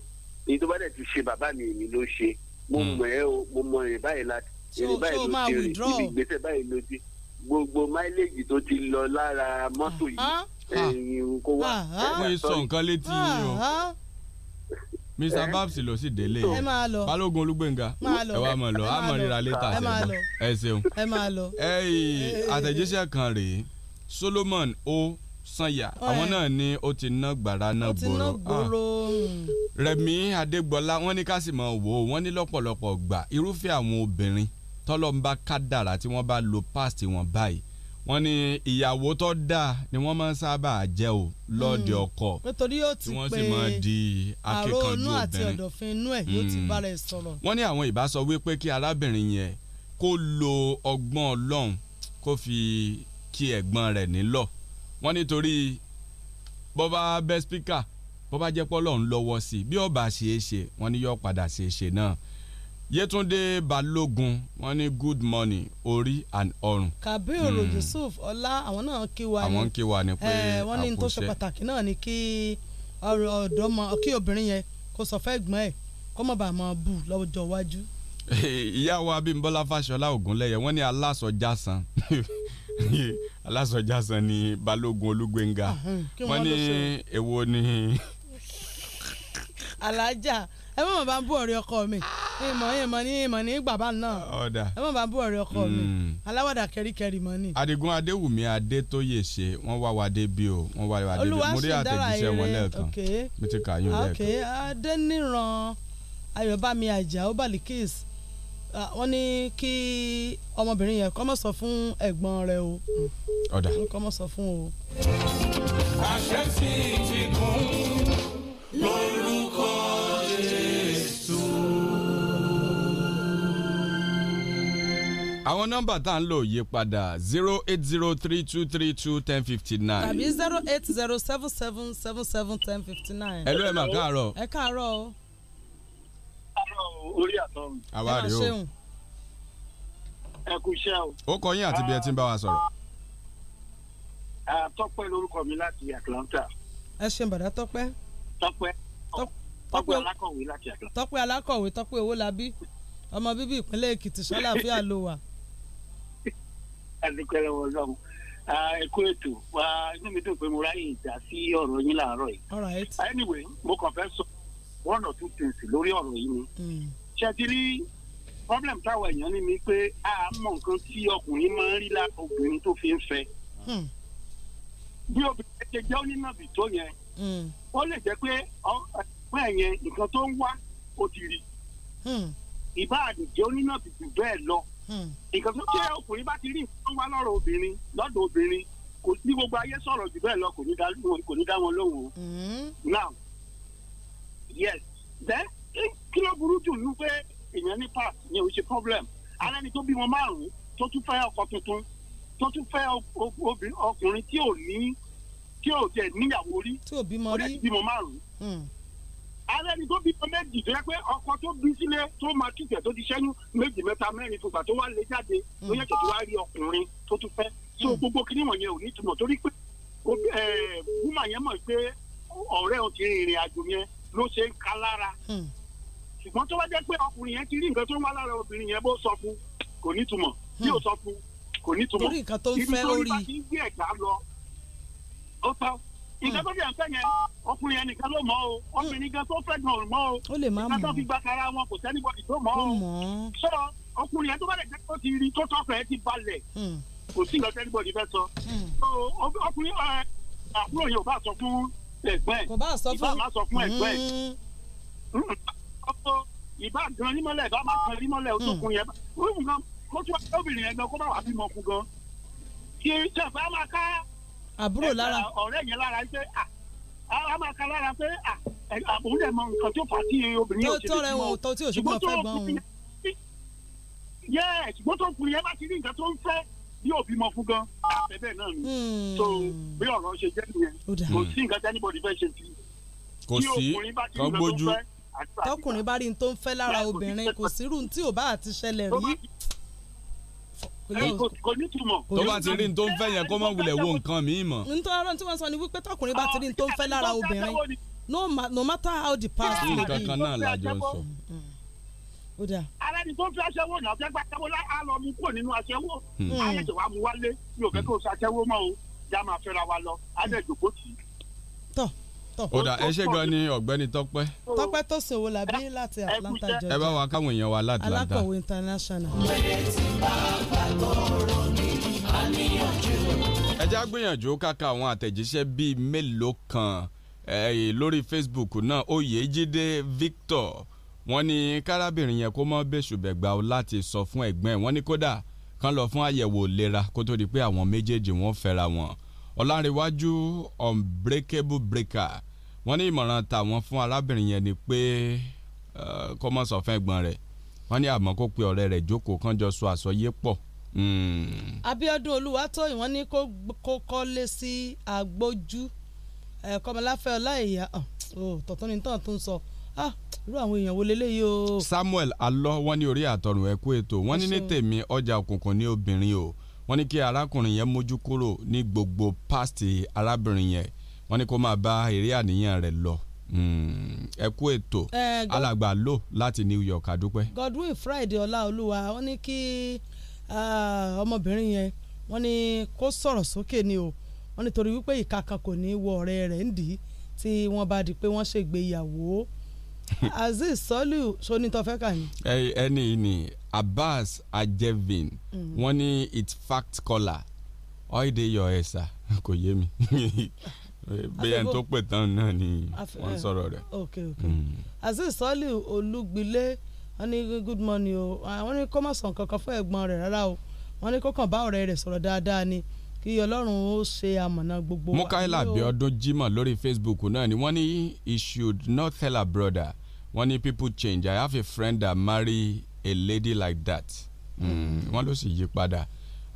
[SPEAKER 7] èyí tó bá dẹ̀ ti ṣe bàbá mi èmi ló ṣe mo hmm. mọ̀ ẹ́ o mo mọ èrè báyìí láti èrè báyìí ló ti rìn ibi ìgbésẹ̀ báyìí ló ti gbogbo máìlèjì tó ti lọ lára mọ́tò yìí ẹ̀yìn kó wá. mo yẹ sọ nǹkan létí yìí
[SPEAKER 1] o mr babs ló sì délé yìí balógun olúgbẹ̀ngà ẹ wá máa lọ a máa ríra létà sẹ́yìn ẹ ṣeun ẹ máa lọ. ẹyìn àtẹ̀jíṣẹ́ kan rèé solomon o sanya àwọn náà ni ó ti ná gbàrà náà gbòòrò ah. Rẹ̀mí Adégbọlá wọ́n ní ká sì mọ̀ wò ó wọ́n ní lọ́pọ̀lọpọ̀ gbà irúfẹ́ àwọn obìnrin tọ́lọ́mbà kádàrà tí wọ́n bá lo past wọn báyìí wọ́n ní ìyàwó tó dáa ni wọ́n máa ń sábà jẹ́ o lọ́ọ̀dẹ hmm. ọkọ
[SPEAKER 2] nítorí yóò ti pé
[SPEAKER 1] àròónú àti ọ̀dọ̀fin
[SPEAKER 2] inú hmm.
[SPEAKER 1] ní àwọn ìbásọ wípé kí arábìnrin yẹn kó lo ọgbọ́n ọlọ́run kó fi kí ẹ̀gbọ́n rẹ̀ nílọ̀ wọ́n nítorí bọ́bá bẹ́ spíkà bọ́bá jẹ́ pọ́lọ́ ń lọ́wọ́ sí bí ọba ṣeé ṣe wọ́n ní yọ padà ṣeé ṣe náà yétúndé balógun wọ́n ní good morning orí and ọrùn. kabiru hmm. yusuf
[SPEAKER 2] ọlá àwọn náà kí wa ni àwọn ń
[SPEAKER 1] kí wa ni pé àkóṣe wọ́n ní tó ṣe
[SPEAKER 2] pàtàkì náà ni kí ọ̀dọ́mọ kí obìnrin yẹn kó sọ fẹ́ gbọ́n ẹ̀ kó má bàa máa bù lọ́jọ́ iwájú.
[SPEAKER 1] [LAUGHS] ìyá wa Abímbọ́lá Fáṣọlá Ògúnlẹ́yẹ wọ́n ní alásọjá san [LAUGHS] [LAUGHS] alásọjàsán ni balógun olúgbénga wọn ní èwo ni.
[SPEAKER 2] [LAUGHS] alájà ẹ mọ̀ bá ń bú ọ̀rẹ́ ọkọ mi ìmọ̀ ìmọ̀ ní ìmọ̀ ní bàbá náà ọ̀dà ẹ mọ̀ bá ń bú ọ̀rẹ́ ọkọ mi hmm. aláwàdà kẹríkẹrí mọ́ ni.
[SPEAKER 1] Adigun Adéwùmí Adétóyèsé wọ́n wá wa débi o wọ́n wá wa débi mo rí àtẹ̀jíṣẹ́ wọn lẹ́ẹ̀kan mi ti kà yín ah, lẹ́ẹ̀kan.
[SPEAKER 2] Adéníran Ayọ̀bámi Àjà ó Balikis Ah, wọ́n ní kí ọmọbìnrin yẹn kọ́ mọ̀ sọ fún ẹ̀gbọ́n rẹ̀ o mm, ọ̀dà kọ́ mọ̀ sọ fún o.
[SPEAKER 4] àṣẹ sì ti kún lórúkọ Jésù.
[SPEAKER 1] àwọn nọ́mbà tá à ń lò yí padà zero eight zero three two three two ten fifty nine. tàbí
[SPEAKER 2] zero eight zero seven seven seven seven ten fifty nine. ẹ ló ẹ̀ mà káàárọ̀. ẹ káàárọ̀ o
[SPEAKER 7] orí àtọrun. àwa rèé o ẹ kú iṣẹ́ o.
[SPEAKER 1] ó kọ yín àti bí ẹ ti ń bá wa sọ̀rọ̀.
[SPEAKER 7] tọ́pẹ́ lórúkọ mi láti Atlanta.
[SPEAKER 2] ẹ ṣe bàdá tọ́pẹ́. tọ́pẹ́ tọ́pẹ́ alákọ̀wé láti Atlanta. tọ́pẹ́ alákọ̀wé tọ́pẹ́ owó labí ọmọ bíbí ìpínlẹ̀ Èkìtì sọ́láfíà ló wà.
[SPEAKER 7] adúpẹ́ [LAUGHS] lọ́wọ́ Ọlọ́run ẹ̀kọ́ ètò inú mi dùn pé mo ráyè ìdá sí ọ̀rọ̀ yín láàárọ̀ yìí. all right. anyway mo kàn fẹ́ sọ one or two things lórí ọ̀rọ̀ yìí ni. Hmm. ṣé ti rí problem táwọn èèyàn ní mi pé a mọ nǹkan tí ọkùnrin máa ń rí la obìnrin tó fi ń fẹ́. Hmm. bí obìnrin ṣe jẹ́ onínàbì tó yẹn hmm. ó lè jẹ́ pé ọgbẹ́ yẹn nǹkan tó ń wá ó ti rí. ìbáàdì jẹ́ onínàbì jù bẹ́ẹ̀ lọ. nǹkan tó jẹ́ ọkùnrin bá ti rí nǹkan tó wá lọ́rọ̀ obìnrin lọ́dọ̀ obìnrin ní gbogbo ayé sọ̀rọ̀ jù bẹ́ẹ̀ lọ kò ní dá wọn lóhùn now yes then kí ló burú jù ní pé èèyàn ní pass ni ò ṣe problem alẹ́ni tó bímọ márùn-ún tó tún fẹ́ ọkọ tuntun tó tún fẹ́ ọkùnrin tí ò ní tí ò tẹ̀ níyàwó rí ó dẹ̀ ti bímọ márùn-ún hmm. alẹ́ni tó bímọ méjì tó yẹ pé ọkọ tó bí sílé tó máa kíkẹ́ tó ti ṣẹ́yún méjì mẹ́ta mẹ́rin fúnpa tó wá lé jáde tó hmm. yẹ kìkì wá rí ọkùnrin tó tún fẹ́ so hmm. gbogbo kí níwọ̀n yẹn ò ní túmọ̀ torí pé gúmà yẹn mọ̀ pé ọ̀rẹ́ ló ṣe ń ka lára hmm. ṣùgbọ́n tó bá jẹ́ pé ọkùnrin yẹn ti rí nǹkan tó ń wá lára obìnrin yẹn bó sọ fún kò ní túmọ̀ bí hmm. ó sọ fún kò ní túmọ̀ ibi tó ń bá ti ń gbé ẹ̀dá lọ ó tán nǹkan tó dẹ̀ ń fẹ́ yẹn ọkùnrin yẹn nìkan ló mọ̀ o ọkùnrin hmm. gan tó fẹ́ gan ò mọ̀ o nǹkan tó fi gba kara wọn kò sẹ́nibọ̀dì tó mọ̀ o sọ ọkùnrin yẹn tó bá dẹ̀ jẹ́ kó ti rí tó tọ́fẹ̀ẹ́ ti balẹ̀ kò sí nǹkan sẹ́nibọ̀dì fẹ́ sọ ọkùnrin àbúrò yẹn ò bá sọ fún tẹ ẹ̀gbọ́n ẹ̀ ìbá máa sọ fún ẹ̀gbọ́n ẹ̀ hmm. ìbá gan rímọ́lẹ̀ ìbá máa kan rímọ́lẹ̀ oṣooṣù hmm. yẹn rúùmù mo tún wá obìnrin yẹn gan kó bá wà bímọ fún gan kí tẹ̀fẹ́ á máa ká àbúrò lára ọ̀rẹ́ yẹn lára pé á máa ká lára pé àbúrò dẹ̀ mọ nǹkan tó fà á tí obìnrin yóò ṣe tó rẹ̀ wọ̀ ṣùgbọ́n tó kùn yẹn bá ti rí nǹkan tó ń fẹ́ tí òbí mọ fún gan àtẹ̀bẹ̀ náà ni hmm. so bí ọ̀rọ̀ ṣe jẹ́ nìyẹn kò sí nǹkan tẹ́ anybody fẹ́ ṣe sí
[SPEAKER 1] kò sí kò gbójú
[SPEAKER 2] tọkùnrin bá rí n tó ń fẹ́ lára obìnrin kò sírú tí ò bá àti ṣẹlẹ̀ rí kò ní túmọ̀. tó bá ti rí n tó ń fẹ́ yẹn kó má wulẹ̀ wo nǹkan míì mọ̀. nítorí tí wọ́n sọ ni wípé tọkùnrin bá ti rí n tó ń fẹ́ lára obìnrin no matter how the past may be. nǹkan kan náà la sọ
[SPEAKER 7] ara ni tó fi aṣẹ́wó náà fẹ́ gba aṣẹ́wó láì á lọ mú kúrò nínú aṣẹ́wó ayẹ̀jẹ̀ hmm. wa mú wálé mi ò fẹ́ kó ṣaṣẹ́wó mọ́ o já máa fẹ́ra wa lọ adẹ́jọ́gbó tì í. tọ́ tọ́ ó dà ẹ ṣe gan ni
[SPEAKER 1] ọ̀gbẹ́ni tọ́pẹ́.
[SPEAKER 7] tọ́pẹ́ tó ṣòwò
[SPEAKER 2] làbí láti Atlanta Georgia.
[SPEAKER 1] ẹ bá wa káwọn èèyàn wa láti Atlanta. alákọ̀wé
[SPEAKER 2] international.
[SPEAKER 1] ẹ já gbìyànjú káka àwọn àtẹ̀jíṣẹ́ bíi mélòó kan lórí Facebook náà Oyèjídé Victor wọ́n ní kárábìnrin yẹn kó mọ́ bẹ́sùbẹ̀gbà o láti sọ fún ẹ̀gbọ́n ẹ̀ wọ́n ní kódà kán lọ fún àyẹ̀wò ìlera kó tó di pé àwọn méjèèjì wọ́n fẹ́ra wọn ọ̀làǹrẹ̀wájú unbreakable breaker wọ́n ní ìmọ̀ràn tàwọn fún arábìnrin yẹn ni pé kó mọ́ sọ fún ẹ̀gbọ́n rẹ̀ wọ́n ní àmọ́ kó pe ọ̀rẹ́ rẹ̀ jókòó kán jọ sọ àsọyé pọ̀ hmm.
[SPEAKER 2] Abíọ́dún Olúwatóyìn wọ́n ní kó kọ́lé sí agbójú kọmọláfẹ́ ọláìyá tọ̀tún ní tán tó ń sọ. So Ah, irú àwọn èèyàn wo leléyìí o.
[SPEAKER 1] Samuel alọ wọn ní orí àtọrùn ẹ kú ètò wọn ní ní tèmi ọjà òkùnkùn ní obìnrin o wọn ní kí arákùnrin yẹn mójú kúrò ní gbogbo pásítì arábìnrin yẹn wọn ní kó máa bá eré àníyàn rẹ lọ hmm, ẹ kú ètò alàgbà lò láti New York àdúpẹ́.
[SPEAKER 2] Godwin Friday Ọláolúwa wọn ní kí ọmọbìnrin yẹn wọn ní kó sọ̀rọ̀ sókè ni o wọn nítorí wípé ìka kan kò ní wọ ọ̀rẹ́ rẹ̀ ń dì í tí wọ́n bá di pé wọ́n ṣègbéyàwó azeez sọlù sonitọfẹ kà ní.
[SPEAKER 1] ẹni yìí ni abbas ajevin wọ́n ní it's fact caller all day your hair sir kò yé mi [LAUGHS] bẹ́ẹ̀ tó pè tán náà ni wọ́n eh, sọ̀rọ̀ rẹ̀. ok ok hmm.
[SPEAKER 2] azeez sọlù olúgbilé wọ́n ní good morning o wọ́n ní kó má sọ nǹkan kan fún ẹ̀gbọ́n rẹ̀ rárá o wọ́n ní kó bá ọ̀rẹ́ rẹ̀ sọ̀rọ̀ dáadáa ni. Mm kí ọlọ́run ó ṣe amọ̀nà gbogbo. Mukaila Abiodun
[SPEAKER 1] Jimoh lórí Facebook náà ni wọ́n ní you should not tell her brother wọ́n ní people change I have a friend that marry a lady like that hmm, wọ́n ló sì yí padà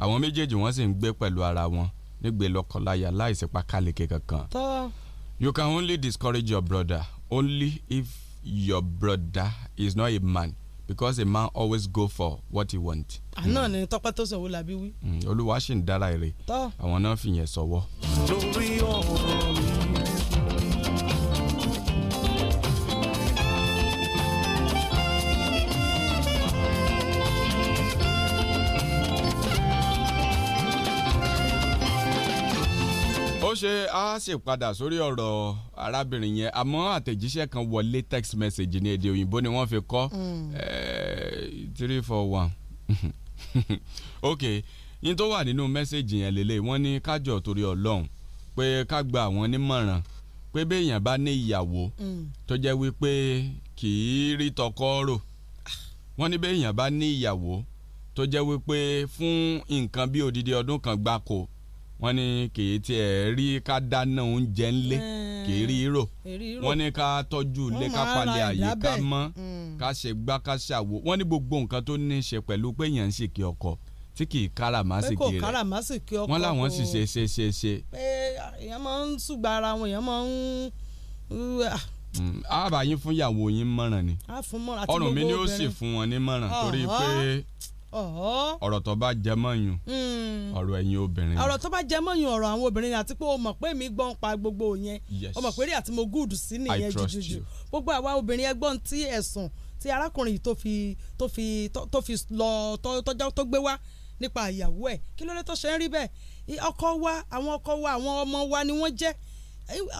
[SPEAKER 1] àwọn méjèèjì wọ́n sì ń gbé pẹ̀lú ara wọn nígbè lọ́kọláya láìsí pákáleke kankan. You can only discourage your brother only if your brother is not a man because a man always go for what he want.
[SPEAKER 2] àná ah, ni tọpẹ tó sọwọ làbí wí.
[SPEAKER 1] Mm, olúwa ṣì ń dára èrè àwọn náà fìyẹn sọwọ.
[SPEAKER 2] lórí
[SPEAKER 3] ọ̀rọ̀
[SPEAKER 1] ṣe a sì padà sórí ọ̀rọ̀ arábìnrin yẹn àmọ́ àtẹ̀jíṣẹ́ kan wọlé text message ní èdè òyìnbó ni wọ́n fi kọ́ mm. three four one [LAUGHS] ok yín tó wà nínú mẹ́sẹ̀gì yẹn lélẹ̀ wọ́n ní kájọ torí ọlọ́run pé ká gba àwọn nímọ̀ràn pé béèyàn bá ní ìyàwó mm. tó jẹ́ wípé kì í rí tọkọ rò wọ́n ní béèyàn bá ní ìyàwó tó jẹ́ wípé fún nǹkan bí odidi ọdún kan gbáko wọ́n ní kì í tiẹ̀ rí ká dáná oúnjẹ ńlé hmm. kì í rí rò wọ́n ní ká tọ́jú ilé ká palẹ̀ àyíká mọ́ hmm. ká ṣe gbá ká ṣàwò wọ́n ní gbogbo nǹkan tó ní í ṣe pẹ̀lú pé èèyàn ń ṣèkì ọkọ̀ tí kì í káràmásìkì
[SPEAKER 2] rẹ̀ wọ́n láwọn sì ṣe ṣe ṣe ṣe. èèyàn máa ń ṣùgbà ara wọn èèyàn máa ń.
[SPEAKER 1] àbá uh, hmm, fún ìyàwó yín mọ̀ràn ni
[SPEAKER 2] ọrùn mi ni ó sì fún wọn
[SPEAKER 1] ní mọ̀ràn torí pé
[SPEAKER 2] ọ̀rọ̀
[SPEAKER 1] tó bá jẹ mọ́yún hmm. ọ̀rọ̀ ẹ̀yin obìnrin. ọ̀rọ̀
[SPEAKER 2] tó bá jẹ mọ́yún ọ̀rọ̀ àwọn obìnrin àti pé o mọ̀ pé mi gbọ́n pa gbogbo yẹn o mọ̀ pé rí àti mo gúùdù sí nìyẹn jùjùjù gbogbo àwa obìnrin ẹgbọ́n tí ẹ̀sùn tí arákùnrin yìí tó fi tó fi tó fi lọ tọ́jọ́ tó gbé wá nípa ìyàwó ẹ̀ kí ló dé tó ṣe ń rí bẹ́ẹ̀ ọkọ wa àwọn ọkọ wa àwọn ọmọ wa ni wọ́n jẹ́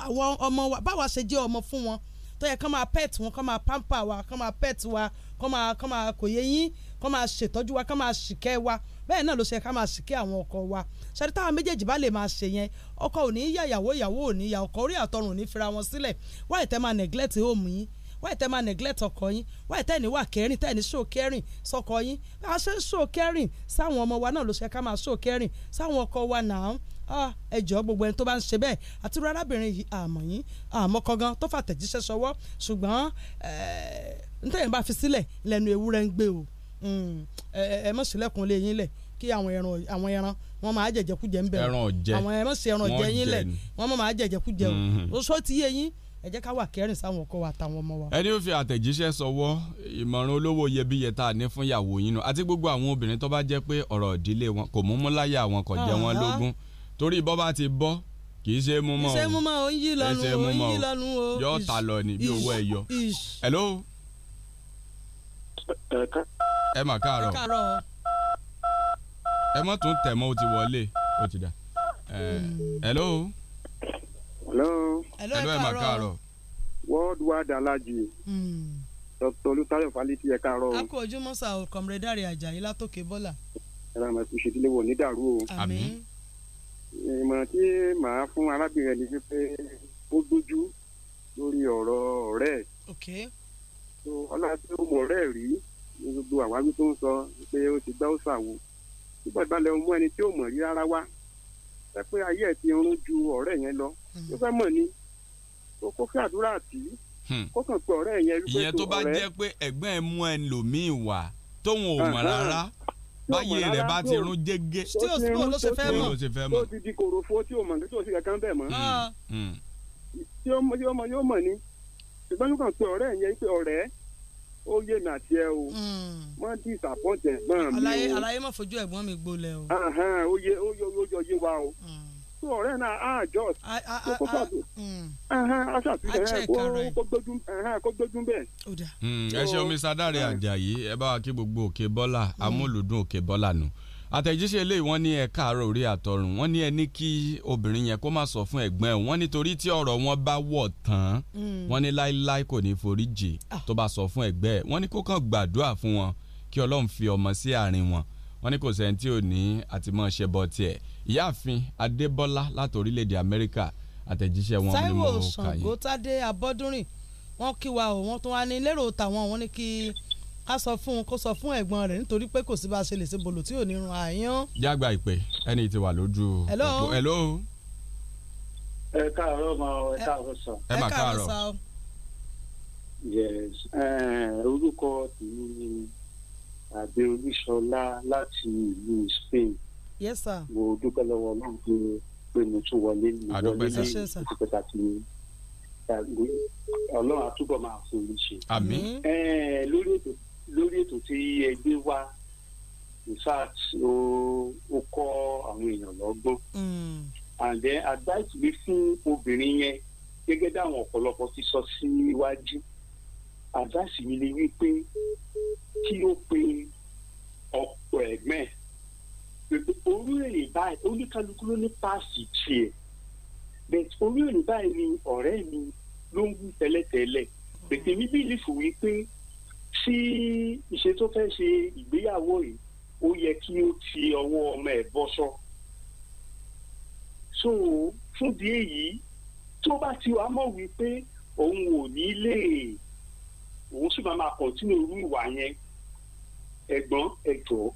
[SPEAKER 2] àwọn ọmọ wa báwa ṣe jẹ́ ọmọ fún wọn tó yẹ kán máa pet wọn kán máa pamper wa kán máa pet wa kán máa kò yẹ yín kọ́ máa ṣètọ́jú wa kọ́ máa ṣìkẹ́ wa bẹ́ẹ̀ náà ló ṣe ká máa ṣìkẹ́ àwọn ọkọ wa ṣẹ́rí táwọn méjèèjì bá lè máa ṣe yẹn ọkọ ò ní yà ìyàwó ìyàwó ò ní yà ọkọ orí àtọrùn ò ní fira wọn sílẹ̀ wáyé tẹ́ máa neglect home yín wáyé tẹ́ máa neglect ọkọ yín wáyé tẹ́ ní wà kẹrin tẹ́ ní show kẹrin sọkọ yín bá a ṣe ń show kẹrin sáwọn ọmọ wa náà ló ṣe ká máa show kẹrin sáwọn ọkọ wa náà ẹ jọ̀ọ́ gbogbo ẹni tó bá ń ṣe bẹ́ẹ̀ àti arábìnrin yìí àmọ́ yín àmọ́ kọ́gán tó fàtẹ̀jíṣẹ́ sọwọ́ ṣùgbọ́n ntẹ̀yìn bá fi sílẹ̀ lẹ́nu ewúrẹ́ ń gbé o. Mm. ẹ mọ̀ sílẹ̀kùn lé yín lẹ̀ kí àwọn ẹran àwọn ẹran wọn máa jẹjẹkújẹ ń bẹ̀rù àwọn ẹ sí ẹran jẹ yín lẹ̀ wọn máa jẹjẹkújẹ o mm-hmm. sọ ti yé yín ẹ jẹ́ ká wà kẹrin sáwọn ọkọ wa àtàwọn ọmọ wa.
[SPEAKER 1] ẹni ó fi àtẹ̀jíṣẹ́ sọwọ́ ìmọ̀ràn olówó iyebíye tá a ní fún ìyàwó yín nù àti gbogbo àwọn obìnrin tó bá jẹ́ pé ọ̀rọ̀ ìdílé wọn kò mú mú wọn kò jẹ wọn lógún torí bọ́ bá ti bọ́ kì í ṣe mú mọ́ o ìṣe mú mọ́ o ń yí ta lọ ni bí owó ẹ yọ. hello. ká ẹ mà káàárọ̀ ẹ mọ̀ tún tẹ̀ mọ́ o ti wọlé o ti dà hello. hello. hello ẹ mà káàárọ̀. world wide alaji.
[SPEAKER 3] Hmm.
[SPEAKER 7] dr olùtayọ̀ falẹ́tì ẹ káàárọ̀. a kú
[SPEAKER 2] ojúmọ́ sà o comrade Dare Ajayi látòkè bọ́là.
[SPEAKER 7] ẹ ràn mí kúṣe ìdílé wò ní dàrú o. àmín. ìmọ̀ràn tí màá fún arábìnrin ni pé ó gbójú lórí ọ̀rọ̀ ọ̀rẹ́ ẹ̀. ok. ọlá tí ó mọ̀ ọ̀rẹ́ rí gbogbo àwáwí tó ń sọ pé ó ti gbá ó ṣàwo nígbà ìbálẹ̀ mú ẹni tí ò mọ̀ rí rárá wá ẹ pé ayé ẹ̀ ti rún ju ọ̀rẹ́ yẹn lọ hmm. ó fẹ́ mọ̀ ni kó fẹ́ àdúrà tì í hmm. kó kàn pé ọ̀rẹ́ yẹn wípé tó ọ̀rẹ́ ìyẹn tó bá jẹ́
[SPEAKER 1] pé ẹ̀gbọ́n ẹ̀ mú ẹ lòmíì wá tóun ò mọ̀ rárá báyé rẹ̀ bá ti rún jẹ́gẹ́ tí ó sì ló ṣe fẹ́ mọ̀ tó
[SPEAKER 7] ti di kòròfó tí ò mọ̀ tí ò sì kankan bẹ̀ mọ́ hmm. tí ó mọ̀ ni ṣùgbọ́n yóò kàn pé ọ̀rẹ́ yẹn pé ọ̀rẹ́ ó yé mi àti ẹ o wọ́n ti ìsàpọ̀ǹtì ẹ̀gbọ́n mi o. àlàyé àlàyé má fojú ẹ̀gbọ́n mi gbolẹ̀ o. ó yé ó yé ó yé wa o tó hmm. ọ̀rẹ́ náà á jọ tó kó pàtó aṣàfihàn kó gbójú bẹ́ẹ̀.
[SPEAKER 1] Hmm, ẹ ṣeun Mr. Dare Ajayi ẹ bá wa kí gbogbo Òkè Bọ́là hmm. amúlùdún Òkè Bọ́là nù àtẹ̀jíṣẹ́ ilé ìwọ́n ní ẹ káàárọ̀ orí àtọrùn wọ́n ní ẹ ní kí obìnrin yẹn kó má sọ fún ẹ̀gbọ́n ẹ̀ wọ́n nítorí tí ọ̀rọ̀ wọn bá wọ̀ tán mm. wọ́n ní láíláí kò ní foríjì ah. tó bá sọ fún ẹ̀gbẹ́ ẹ̀ wọ́n ní kó kàn gbàdúrà fún wọn kí ọlọ́run fi ọmọ sí àárín wọn wọ́n ní kò sẹ́ni tí ò ní àtìmọ́ ṣe bọ́ tiẹ̀ ìyáàfin adébọ́lá láti orílẹ̀-èdè amẹ́ríkà àtẹ̀jíṣẹ́ wọn ni
[SPEAKER 2] mo kà ká sọ fún kó sọ fún ẹ̀gbọ́n rẹ̀ nítorí pé kò sí bá a ṣe lè ṣe bolo tí ò ní run
[SPEAKER 7] àyàn.
[SPEAKER 1] jágba ìpè ẹni tí wà lójú òpó hello.
[SPEAKER 7] ẹ káàárọ̀ ma ẹ káàárọ̀ sàn. ẹ mà káàárọ̀ yes eh, orúkọ tèmi ni àbí olúṣọlá láti ìlú Spain. yes sir. mo dúpẹ́ lọ́wọ́ ọlọ́run pé mo tún wọlé mi wọlé mi ti pàtàkì mi ọlọ́run àtúbọ̀ máa fún mi ṣe. àmín. Eh, lórí ètò lórí ètò tí ẹgbẹ́ wa in fact ó kọ́ àwọn èèyàn lọ́gbọ́n hmm. and then advice mi fún obìnrin yẹn gẹ́gẹ́ dáwọn ọ̀pọ̀lọpọ̀ ti sọ síwájú advice mi ni wípé kí ó pe ọ̀pọ̀ ẹ̀gbẹ́ orí èrè báyìí oníkálukú ló ní páàsì tiẹ̀ but orí èrè báyìí ni ọ̀rẹ́ mi ló ń wí tẹ́lẹ̀tẹ́lẹ̀ bẹ̀tẹ̀ mi bí ìlú fò wípé sí ìṣe tó fẹ́ ṣe ìgbéyàwó yìí ó yẹ kí ó ti ọwọ́ ọmọ ẹ̀ bọ́sọ́ so fún di èyí tó bá ti wàá mọ̀ wípé òun ò ní lè òun sì máa máa kọ̀tínú irú ìwà yẹn ẹ̀gbọ́n ẹ̀jọ̀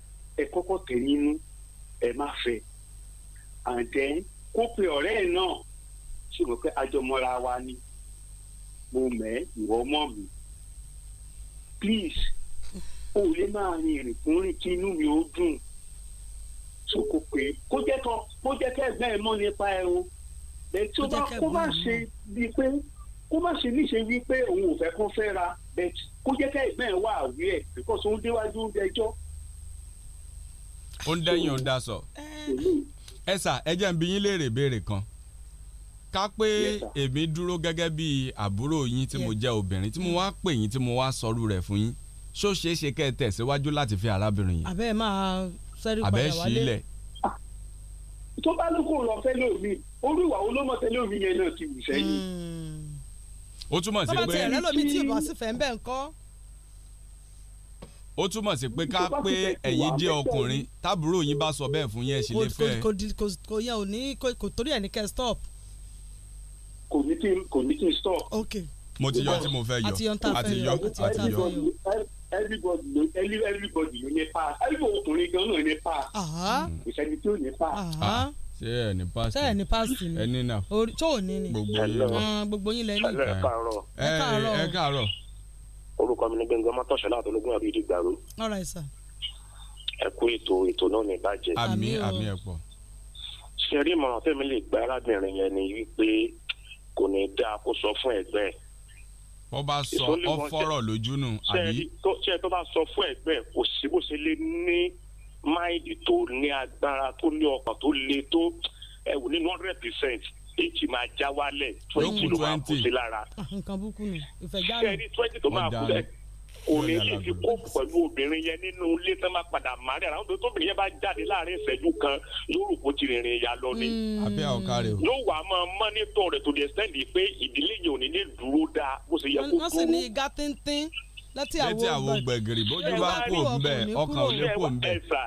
[SPEAKER 7] ẹ kọ́kọ́ tẹ̀ nínú ẹ má fẹ́ and then kó pe ọ̀rẹ́ ẹ̀ náà ṣùgbọ́n pé àjọmọ́ra wa ni mo mẹ́ ìwọ mọ́ mi please o lè máa rin ìrìnkúnrin kí inú mi ó dùn so kò pé kó jẹ́ kó kó jẹ́ kẹ́ ẹgbẹ́ ẹ mọ̀ nípa ẹ o bẹ́ẹ̀ tí ó bá kó má ṣe bíi pé kó má ṣe níṣe wípé òun ò fẹ́ kó fẹ́ ra bẹ́ẹ̀ kó jẹ́ kẹ́ ẹgbẹ́ ẹ wà àwí ẹ̀ because òun déwájú oúnjẹ ẹjọ́.
[SPEAKER 1] ó ń dẹ́yìn òun dá sọ ẹ sà ẹ jẹ́ ń bi yín léèrè béèrè kan ká pé èmi dúró gẹ́gẹ́ bí àbúrò yín tí mo jẹ́ obìnrin tí mo wá pè yín tí mo wá sọrú rẹ̀ fún yín ṣó ṣeé ṣe kẹ́ ẹ tẹ̀síwájú láti fi arábìnrin yìí.
[SPEAKER 2] àbẹ́ máa sẹ́rí padà
[SPEAKER 1] wálé àbẹ́ sílẹ̀. Ah,
[SPEAKER 7] tó bá ní kò lọ fẹ́lẹ́ omi orí ìwà olómọ̀ tẹ́lẹ̀ omi
[SPEAKER 1] yẹn náà ti wù sẹ́yìn. Hmm. ó túmọ̀ sí pé bàbá tiẹ̀ lẹ́lọ́mi tí ìbọn sì fẹ́ ń bẹ̀ ń kọ́. ó túmọ̀ sí pé ká pé ẹ̀yin jẹ́ ọkùnrin tábúrò yín bá sọ bẹ́ẹ̀ fún yẹn ṣe lè fẹ́.
[SPEAKER 2] kò yẹ òní kò torí ẹ̀ ní kẹ́ stop
[SPEAKER 7] kò ní kí kò ní kí n stop. ok
[SPEAKER 1] mo ti yọ tí mo fẹ́ yọ àti yọ àti yọ àti yọ
[SPEAKER 7] everybody ló everybody ló ní pa everybody ọkùnrin gan náà ní pa kò sẹ́ni tí ò ní pa ah,
[SPEAKER 1] ṣé ẹ ní pásítì ṣé ẹ ní pásítì ni ẹ ní na. orí tó ò ní ni gbogbo yín lẹ ní ìgbà ẹ káàárọ̀ eh, ẹ
[SPEAKER 7] káàárọ̀. orúkọ mi ni gbẹngàn mọtòṣẹ láti ológun àbídí gbàrú. ọ̀rọ̀ ẹ̀sà. ẹ kú ètò ètò náà ní ìbàjẹ́. àmì àmì ẹ̀ pọ̀. ṣe rí ìmọ̀ràn tẹ́mi lè gba arábìnrin yẹn ni wípé kò ní dáa kó sọ fún ẹgbẹ́ ẹ̀
[SPEAKER 1] wọ́n bá sọ ọ fọ́rọ̀ lójú nù àbí.
[SPEAKER 7] ṣé ẹ tó bá sọ fún ẹgbẹ́ kò sí bó ṣe lè ní máìlì tó ní agbára tó ní ọkàn tó le tó ẹ̀wù nínú hundred percent èjì máa já wálẹ̀ twenty ló máa kú sí lára.
[SPEAKER 2] Ah, nǹkan búkú ni ìfẹ̀jáde.
[SPEAKER 7] ṣé ẹni twenty tó máa kú lẹ̀ kò ní sì ti kó pẹ̀lú obìnrin yẹn nínú ilé tán máa padà máa rẹ̀ àwọn obìnrin tóbìnrin yẹn bá jáde láàrin ìṣẹ́jú kan yóò rò kó ti rìnrìn ìyá lọ ni. Hmm. àbẹ́ àwọn kárẹ̀ o. yóò wá máa mọ́nítọ̀ rẹ̀ tó di ẹ̀sẹ̀ndì pé ìdílé yẹn ò ní ní dúró dáa bó ṣe yẹ kó dúró. wọ́n sì ní
[SPEAKER 2] igá tíntín láti àwọn gbẹ̀gìrì
[SPEAKER 7] bójú bá kú òun bẹ́ẹ̀ ọkàn ò ní kú òun bẹ́ẹ̀. ẹ̀sà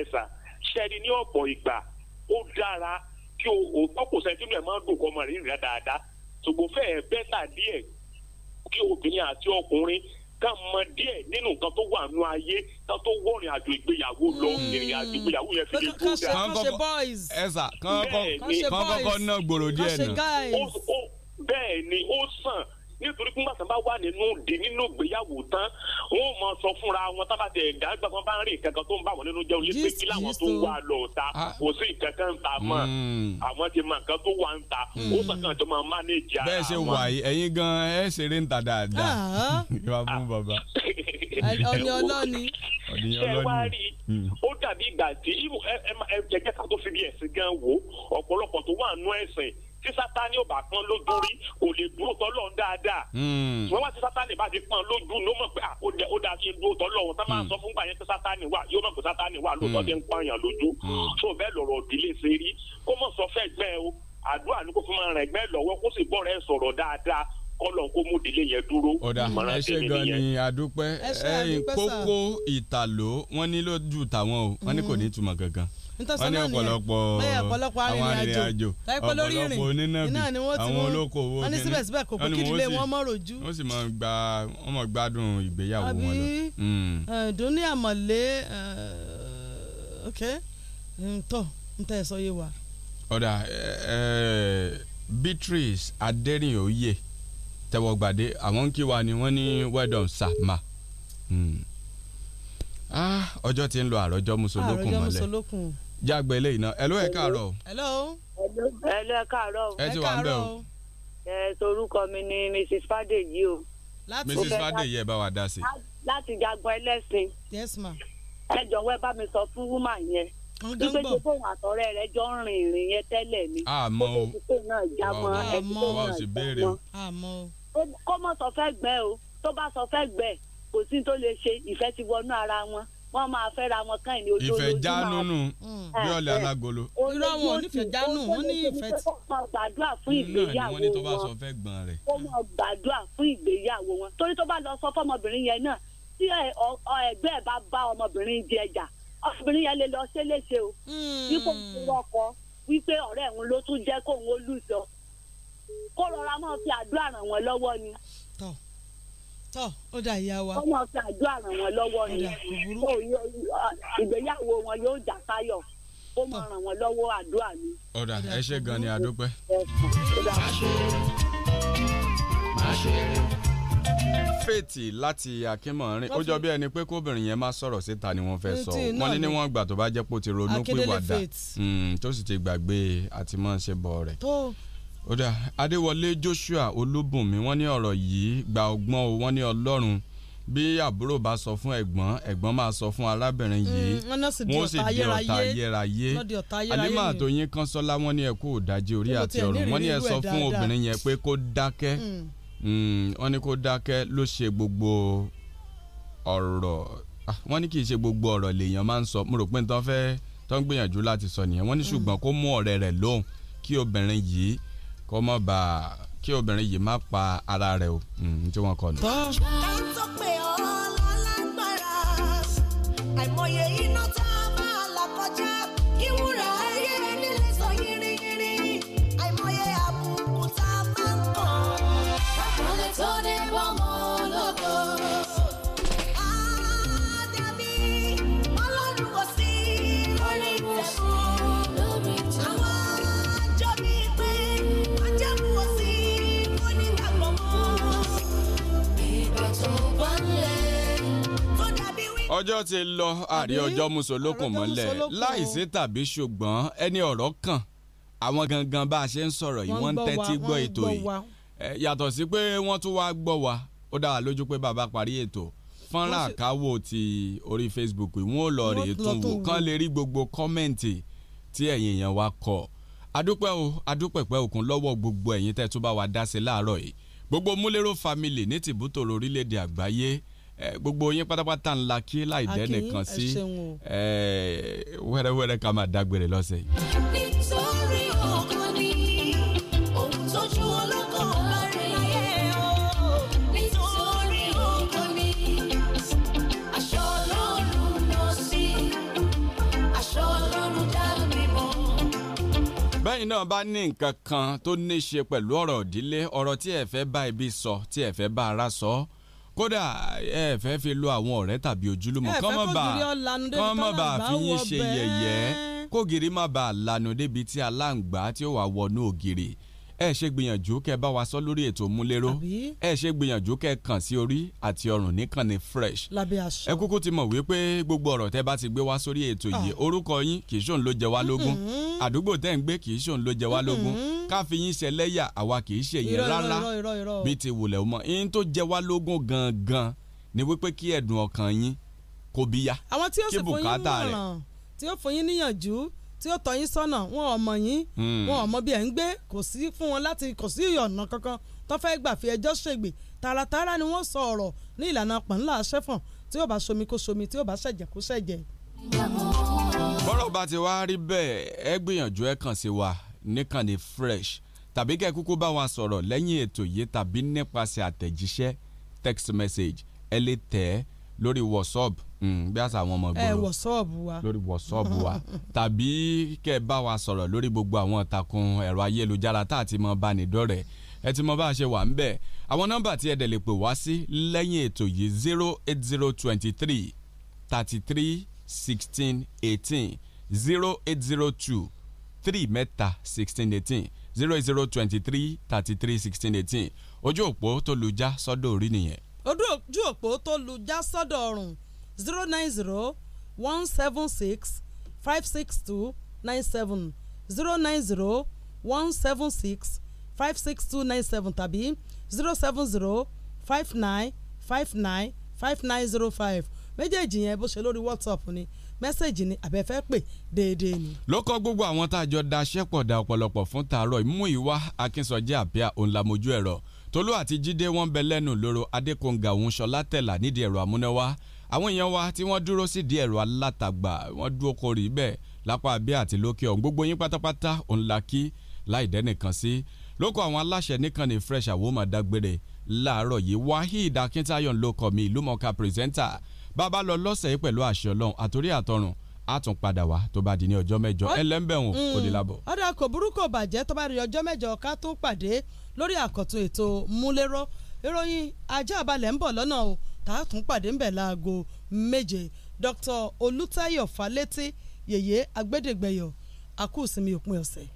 [SPEAKER 7] ẹ̀sà ṣẹ́ni ní ọ̀pọ̀ ìgbà ó dára kí o ò tọ́kùn sẹ́ńtínú ẹ̀ máa ń dùn kọ́ ọmọ rẹ̀ dáadáa ṣùgbọ́n fẹ́ẹ̀ bẹ́tà díẹ̀ kí obìnrin àti ọkùnrin ká mọ díẹ̀ nínú nǹkan tó wà nù ayé ká tó wọ̀rìn àjò ìgbéyàwó lọ hmm. ìrìn àjò ìgbéyàwó yẹn fi lè tó dáa. kàn ṣe boys. ẹ̀sà kàn kọ́kọ́ ná gbòòrò díẹ̀ nù. bẹ́ẹ̀ ni ó sàn nítorí pé gbàtàn bá wà nínú òde nínú ìgbéyàwó tán wọn ò mọ sọ fúnra wọn tábà tẹ ẹ̀dá wọn bá ń rí kankan tó ń bá wọn nínú jẹun lé pé kí làwọn tó wà lọ ta ah. kò sí kankan ta mọ́ hmm. àwọn ti mọ nǹkan tó wà ń ta ó sọ hmm. kàn tó máa mánéjì ara wọn. bẹ́ẹ̀ ṣe wà yìí
[SPEAKER 1] ẹ̀yin gan ẹ̀ ṣeré ń ta dáadáa ah. [LAUGHS] ìwà fún
[SPEAKER 7] ọ̀nì
[SPEAKER 3] [LAUGHS] ọlọ́ni
[SPEAKER 1] hmm.
[SPEAKER 7] ó dàbí ìgbà tí ẹ jẹ́ tó fi bí ẹ̀sìn gan wo ọ̀pọ̀lọpọ̀ tó wà nú ẹ̀sìn tí sátani ò bá pọ́n lójú rí kò lè dúró tọ́lọ́run dáadáa. wọ́n hmm. wá sí sátani bá ti pọ́n lójú ló mọ̀ pé ah, ó dáa sí dúró tọ́lọ́run tá máa hmm. sọ fún gbà yẹn pé sátani wà yóò mọ̀ pé sátani wà lóòótọ́ hmm. tí ń pọ́nyàn lójú. tó bẹ́ẹ̀ lọ̀rọ̀ òdìlé ṣe rí kó mọ̀ sọ fẹ́ gbẹ́ o àdúrà ni kò fún máa rìn ẹgbẹ́ lọ́wọ́ kó sì gbọ́ rẹ̀ sọ̀rọ̀ dáadáa kọ́lọ̀ kó mú ìdílé yẹn dúró. ọ̀dà ẹ ṣe gan ni
[SPEAKER 1] adúpẹ́ ẹ̀yìn kókó ìtàló wọ́n ní lójú tàwọn o wọ́n ní kò ní ìtumọ̀ kankan wọ́n ní ọ̀pọ̀lọpọ̀ àwọn arìnrìn-àjò ọ̀pọ̀lọpọ̀ onínàbì àwọn olókoòwò wọ́n ní síbẹ̀síbẹ̀ kò mọ̀ rojú. wọ́n sì máa gbádùn ìgbéyàwó wọn lọ. àbí hmm.
[SPEAKER 2] eh, àmọ̀lé eh, ok ntọ́ ntẹ́ sọ yé wa.
[SPEAKER 1] ọ̀dà eh, Beatrice Adérìnòye tẹ́wọ́gbàdé àwọn ń kí wa ni wọ́n ní well done hmm. ah, ọjọ́ ti ń lọ àròjọ́ musolókun mọ́lẹ̀. àròjọ́ musolókun jágbe eléyìí náà ẹ̀ló ẹ̀ káàárọ̀.
[SPEAKER 5] ẹ̀ló. ẹ̀ló ẹ̀ káàárọ̀. ẹ ti wà ń bẹ̀ o. ẹ sorúkọ mi ni mrs fadeyi o. láti mrs fadeyi ẹ bá wa dá sí. láti jagun ẹlẹ́sìn. yes ma. ẹ jọ̀wọ́ ẹ bá mi sọ fún wúmà yẹn. ọjọ́ ń bọ̀ wípé fóun àtọ̀rẹ́ rẹ jọ ń rìn ìrìn yẹn tẹ́lẹ̀ mi. àmọ́ o àmọ́ o sì
[SPEAKER 3] béèrè o. àmọ́
[SPEAKER 5] o. kó mọ̀ sọ fẹ́ gbẹ́ o tó bá sọ fẹ́ gbẹ́ kò sí tó lè ṣe ìfẹ́ ti wọnú ara wọn wọ́n máa fẹ́ ra wọn kàn ní olóyún. ìfẹ́ bí ọ̀lẹ́ alágolo. irọ́ wọn ò nífẹ̀ẹ́ wọn ní ìfẹ́ tí. ó máa gbàdúrà fún mm, ìgbéyàwó wọn ó máa gbàdúrà fún ìgbéyàwó wọn torí tó bá lọ sọ fọmọbìnrin yẹn náà tí ẹgbẹ́ ẹ̀ bá bá ọmọbìnrin jẹjà ọmọbìnrin yẹn lè lọ ṣe léṣe o mm. wípé ọkọ wípé ọ̀rẹ́ òun ló tún jẹ́ kóun ó lùsọ kó rọra máa fi àdúrà ràn wọ́n lọ́wọ́ ni tọ́ ó dà ìyá wa. ọmọ ọ̀sẹ̀ àjọ àràn wọn lọ́wọ́ ni ìgbéyàwó wọn yóò jà sáyọ̀ ó máa ràn wọn lọ́wọ́ àdúrà ni.
[SPEAKER 1] ọ̀dà ẹ ṣe gan ni àdúpẹ́. fèètì láti akínmọ̀rin ó jọ bí ẹni pé kóbìnrin yẹn máa sọ̀rọ̀ síta ni wọ́n fẹ́ sọ wọ́n ní ní wọ́n gbà tó bá jẹ́ pé ó ti ronú pìwàdà hmm, tó sì ti gbàgbé àtìmọ́ṣe bọ̀ rẹ̀ ọ̀dà adéwọlé joshua olúbùnmi wọ́n ní ọ̀rọ̀ yìí gba ọgbọ́n o wọ́n ní ọlọ́run bí àbúrò bá sọ fún ẹ̀gbọ́n ẹ̀gbọ́n máa sọ fún arábìnrin yìí mm, wọ́n sì di ọ̀tá ayérayé alima àtòyìn kánṣọ́lá wọ́n ní ẹ kú òdájẹ́ orí àti ọ̀run wọ́n ní ẹ sọ fún obìnrin yẹn pé kó dákẹ́ mm. Mm, wọ́n ní kó dákẹ́ ló ṣe gbogbo ọ̀rọ̀ ah, wọ́n ní kì í ṣe gbogbo ọ̀rọ̀ lèèyàn máa ń sọ mo rò pé nǹkan fẹ́ tó ń gbìyànjú láti sọ nìyẹn wọ́n ní ṣùgbọ́n kó mú ọ̀rẹ́ rẹ̀ lóhùn kí obìnrin yìí kọ́ mọ́ bá kí obìnrin yìí má pa ara rẹ̀ o mm, tí wọ́n kọ́ ni. ẹ
[SPEAKER 4] tó pé ọlọ́ lágbára àìmọye iná tá a là kọjá kí wọ́n.
[SPEAKER 1] ọjọ́ ti lọ àrí ọjọ́ musolókun mọ́lẹ̀ láìsí tàbí ṣùgbọ́n ẹni ọ̀rọ̀ kàn àwọn gangan bá a ṣe ń sọ̀rọ̀ yìí wọ́n ń tẹ́tí gbọ́ ètò yìí yàtọ̀ sí pé wọ́n tún wá gbọ́ wa ó dára lójú pé bàbá parí ètò fọ́nrán àkáwò ti orí Facebook yìí wọ́n ò lọ rèé tún wò kán lè rí gbogbo kọ́mẹ̀ǹtì tí ẹ̀yin èèyàn wa kọ adúpẹ́ o adúpẹ̀pẹ́ òkun lọ́wọ́ gbogbo ẹ̀yin tẹ́ bá wa dá sí láàárọ̀ yìí gbogbo múlẹ́rọ̀ family ní tìbútòrò orílẹ̀-èdè àgbáyé gbogbo yín pátápátá ńlá kí láì dẹ́ nìkan sí wẹ́rẹ́wẹ́rẹ́ ká máa dágbére lọ́sẹ̀
[SPEAKER 4] yìí. nítorí ọkàn ni òun tójú ọlọ́kọ̀ bá rẹ̀ yẹ o nítorí ọkàn ni aṣọ
[SPEAKER 1] náà bá ní nǹkan kan tó ní í ṣe pẹ̀lú ọ̀rọ̀ ìdílé ọ̀rọ̀ tí ẹ fẹ́ bá ibi sọ tí ẹ fẹ́ bá ara sọ ọ́ kódà ẹ fẹ́ fi lo àwọn ọ̀rẹ́ tàbí ojúlùmọ̀ kọ́mọba kọ́mọba fi yín ṣe yẹ̀yẹ́ kógiri má bàa lanu débi tí aláǹgbá tí ó wà wọnú ògiri ẹ ṣe gbìyànjú kẹ bá wa sọ lórí ètò múlẹ́rọ́ ẹ ṣe gbìyànjú kẹ kàn sí orí àti ọrùn níkànnì fresh ẹ kúkú ti mọ̀ wípé gbogbo ọ̀rọ̀ tẹ́ bá ti gbé wá sórí ètò yìí ah. orúkọ yín kì í ṣòun ló jẹ wá lógún mm-hmm. àdúgbò tẹ́ ń gbé kì í ṣòun ló jẹ wá lógún mm-hmm. ká fi yín ṣẹlẹ́yà àwa kì í ṣe yẹn rárá bí ti wùlẹ̀ mọ́ yín tó jẹ wá lógún gangan ni wípé kí ẹ̀dùn ọkàn yín kò bíyá kí bùkátà rẹ̀
[SPEAKER 2] tí ó fún níyànjú tí ó tọ́ yín sọ́nà wọn ò mọ̀ yín hmm. wọn ò mọ̀ bí ẹ̀ ń gbé kò sí fún wọn láti kò sí ìyọ̀nà kankan tó fẹ́ gbà fi ẹjọ́ ṣègbè tààràtààrà ni wọ́n sọ ọ̀rọ̀ ní ìlànà pọ̀nlá ṣẹ́fọ̀n tí ó bá somi kó somi tí ó bá ṣẹ̀jẹ̀ kó ṣẹ̀jẹ̀.
[SPEAKER 1] bọ́rọ̀ bá ti wá rí bẹ́ẹ̀ ẹ gbìyànjú ẹ kàn sí wa níkànnì fresh tàbí kẹ́ kúkú bá wa sọ̀rọ̀ lẹ́yìn ètò yìí tàbí nípasẹ̀ àtẹ̀jíṣẹ́ text message ẹ lè tẹ̀ lórí whatsapp 0244 Hmm, bí àṣà àwọn ọmọ gbòòrò ẹ
[SPEAKER 2] wọ̀sọ́ọ̀bù wa lórí
[SPEAKER 1] wọ̀sọ́ọ̀bù wa tàbí kẹ́ ẹ bá wa sọ̀rọ̀ lórí gbogbo àwọn ìtàkùn ẹ̀rọ ayélujára tá a ti mọ bá nìdọ́rẹ̀ ẹ ti mọ bá a ṣe wà ń bẹ̀ àwọn nọ́mbà tí ẹ dẹ̀ lè pè wá sí lẹ́yìn ètò yìí zero eight zero twenty three thirty three sixteen eighteen zero eight zero two three mẹ́ta sixteen eighteen zero eight zero twenty three thirty three sixteen eighteen ojú òpó tó lu já sọ́dọ̀ orí nìyẹn.
[SPEAKER 2] ojú òpó tó lu já sọ́dọ̀ ọrùn zero nine zero one seven six five six two nine seven zero nine zero one seven six five six two nine seven tàbí zero seven zero five nine five nine five nine zero five méjèèjì yẹn bó ṣe lórí whatsapp ni mẹ́sẹ̀jì ni àbẹ̀fẹ́ pè
[SPEAKER 1] déédéé ni. lọ́kọ́ gbogbo àwọn tá a jọ da ṣẹ́pọ̀ da ọ̀pọ̀lọpọ̀ fún tààrọ̀ ìmú ìwá akínsọ̀jẹ́ àbíà òun la mojú ẹ̀rọ tolú àti jíde wọn bẹ lẹ́nu lóró adékòǹgà òun ṣọlá tẹ̀là nídìí ẹ̀rọ amúnáwá àwọn èèyàn wa tí wọ́n dúró sí di ẹ̀rọ alátagbà wọ́n dúró kórì bẹ́ẹ̀ lápá abẹ́ àti lókè ọ̀hún gbogbo yín pátápátá òun la kí láì dẹ́nìkan sí lóko àwọn aláṣẹ nìkan ní fresh àwòmọ̀ dágbére láàárọ̀ yìí Waheed Akintayo lóko mi ìlúmọ̀ọ́ká pírẹsẹ́ńtà bàbá lọ lọ́sẹ̀ yìí pẹ̀lú àṣẹ ọlọ́run àtòrí àtọrùn a tún padà wá tó bá di ní ọjọ́ mẹ́jọ ẹlẹ́mbẹ̀hún òdìlábọ̀. Mm.
[SPEAKER 2] ọ̀dà kò burúkú bàjẹ́ tó bá di ọjọ́ mẹ́jọ ká tún pàdé lórí àkọ́tún ètò múlẹ́rọ́ ìròyìn ajá balẹ̀ ń bọ̀ lọ́nà tá a tún pàdé ńbẹ̀ láago méje Dr. Olùtayọ̀ Fálétí yèyé agbẹ́dẹ̀gbẹ̀yọ̀ àkúùsinmi òpin ọ̀sẹ̀.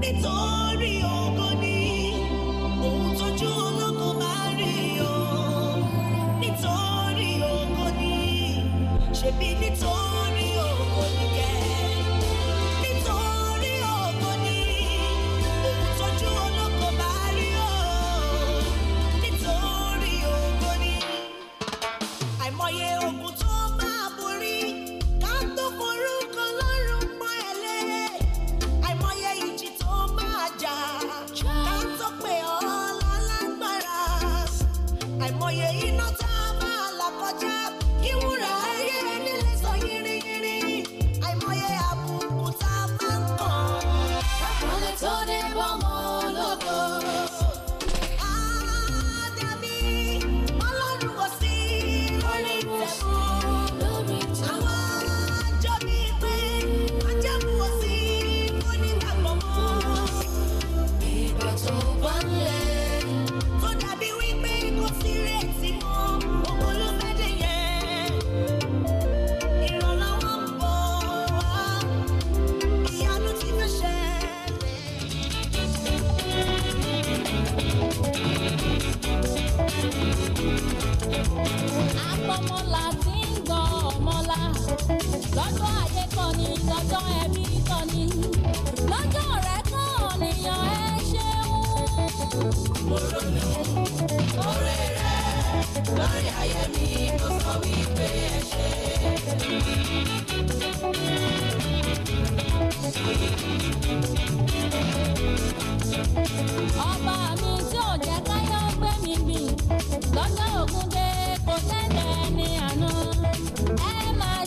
[SPEAKER 4] nítorí ògo ni ohun tójú olóko máa rí o nítorí ògo ni ṣèbí nítorí. àìmọye iná tá a máa là kọjá ìwọ. mo ronú oore mi mo sọ wípé mi tí ò jẹ́ káyọ̀ gbé mi bì lọ́jọ́ ògùn dé kò tẹ́lẹ̀ ní àná ẹ máa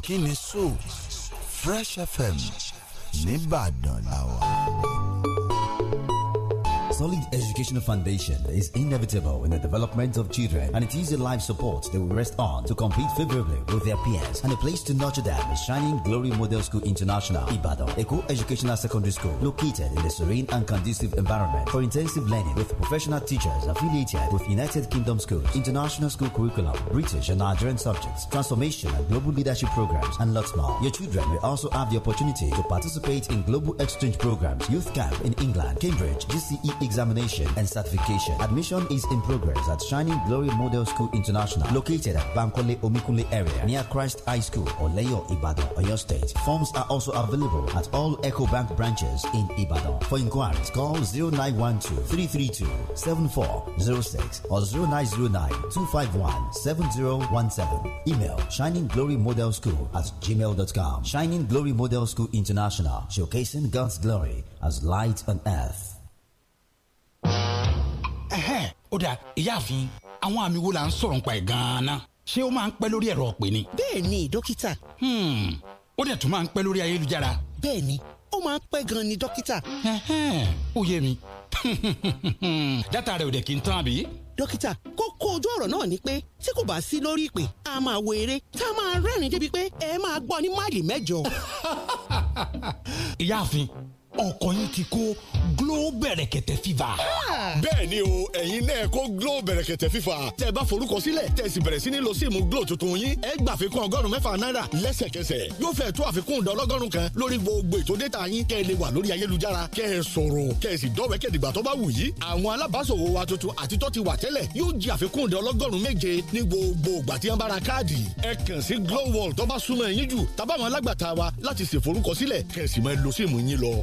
[SPEAKER 8] kí ni
[SPEAKER 9] so Fresh FM nìbàdàn. educational foundation is inevitable in the development of children, and it is a life support they will rest on to compete favorably with their peers. And a place to nurture them is Shining Glory Model School International, Ibadan, a co-educational secondary school located in a serene and conducive environment for intensive learning with professional teachers affiliated with United Kingdom schools, international school curriculum, British and Nigerian subjects, transformation and global leadership programs, and lots more. Your children will also have the opportunity to participate in global exchange programs, youth camp in England, Cambridge, GCE examination and certification. Admission is in progress at Shining Glory Model School International, located at Bankole Omikule area near Christ High School, Oleyo, Ibadan, Oyo State. Forms are also available at all Echo Bank branches in Ibadan. For inquiries, call 0912 332 7406 or 0909 251 7017. Email Shining Glory Model School at gmail.com. Shining Glory Model School International, showcasing God's glory as light on earth. ó dà
[SPEAKER 1] ìyáàfin àwọn àmì wo la ń sọ̀rọ̀ nípa ẹ̀ gan-an ṣé ó máa ń pẹ́ lórí ẹ̀rọ ọ̀pẹ ni. bẹ́ẹ̀ni dókítà. Hmm, ó dẹ̀ tún máa ń pẹ́ lórí ayélujára.
[SPEAKER 2] bẹ́ẹ̀ni ó máa ń pẹ́ gan-an ni dókítà. ó yé mi
[SPEAKER 1] [LAUGHS] dátà rẹ̀ ò dẹ̀ kí n tán àbí.
[SPEAKER 2] dókítà kókó ojú ọ̀rọ̀ náà ni pé tí kò bá sí lórí ìpè a máa wo eré tá a máa rẹ́rìn-ín débi pé ẹ máa gbọ́ ní máìlì mẹ́jọ. [LAUGHS] ìyáàfin ọkọ yín ti kó
[SPEAKER 1] Glow bẹ̀rẹ̀kẹ̀tẹ̀ fífa. Ah! bẹ́ẹ̀ni o ẹ̀yin náà kó Glow bẹ̀rẹ̀kẹ̀tẹ̀ fífa tẹ́ bá forúkọ sílẹ̀ tẹ́ sì bẹ̀rẹ̀ sí ní lo síìmù Glow tuntun yín ẹ gbà àfikún ọgọ́rùn mẹ́fà náírà lẹ́sẹ̀kẹsẹ̀ yóò fẹ́ tó àfikún ìdá ọlọ́gọ́rùn kan lórí gbogbo ètò déta yín kẹ́ ẹ lè wà lórí ayélujára kẹ́ ẹ sọ̀rọ̀ kẹ́ ẹ sì dọ́wẹ́kẹ̀ dìgbà tó bá wù yí àwọn alábàáṣòwò wa tuntun àti tó ti wà tẹ́lẹ̀ yóò jẹ àfikún ìdá ọlọ́gọ́rùn méje ní gbogbo ìgbà tí wọ́n bá ra káàdì ẹ kàn sí Glow World tó bá súnmọ́ ẹ̀yin jù tàbáwọn alágbàtà lo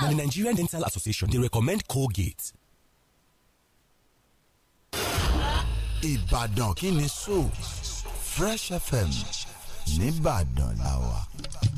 [SPEAKER 1] Now, the Nigerian Dental Association, they recommend Colgate. Ibadan Kini Fresh FM, Nibadan
[SPEAKER 8] Lawa.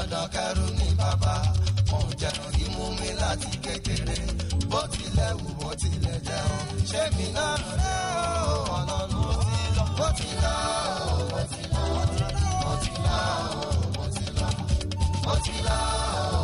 [SPEAKER 8] dandan kẹrù ní bàbá mo jẹun imú mi láti kékeré bó tilẹ̀ wù bó tilẹ̀ jẹun ṣé mi náà rẹ̀ ó ọ̀nà ló ti lọ bó ti lọ bó ti lọ bó ti lọ bó ti lọ bó ti lọ.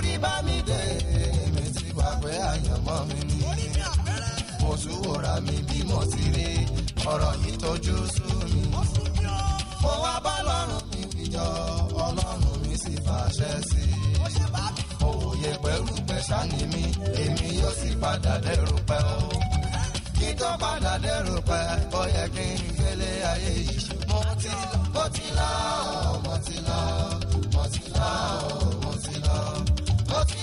[SPEAKER 8] orí bá mi dé èmi ti gbàgbé àyànmọ́ mi ní. mo súwòrà mi bí mo ti rí ọ̀rọ̀ yìí tójú sú mi. mo wá bá lọ́rùn mi wíjọ ọlọ́run mi sì fàṣẹ sí i. òòyè pẹ̀lú pẹ̀ṣá ni mí èmi yóò sì padà dẹ́rù pẹ́ o. kí tó padà dẹ́rù pẹ́ ó yẹ kí n gbélé ayé yìí. mo ti lọ mo ti lọ mo ti lọ mo ti lọ.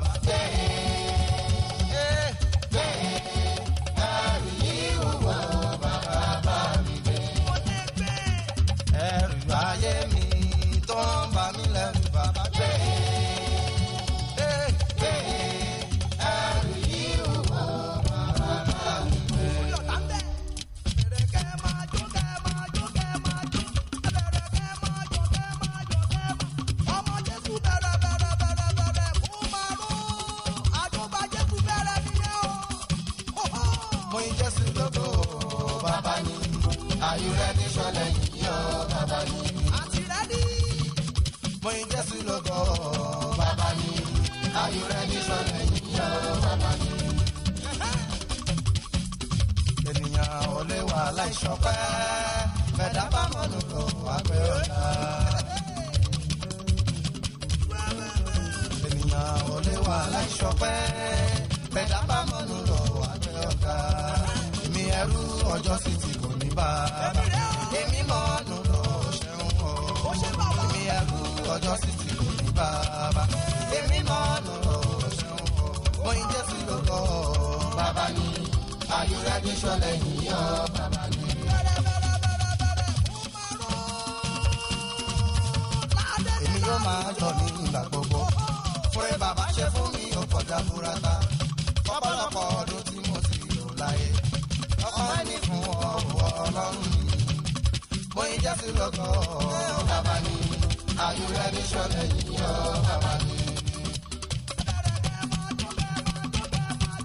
[SPEAKER 8] Birthday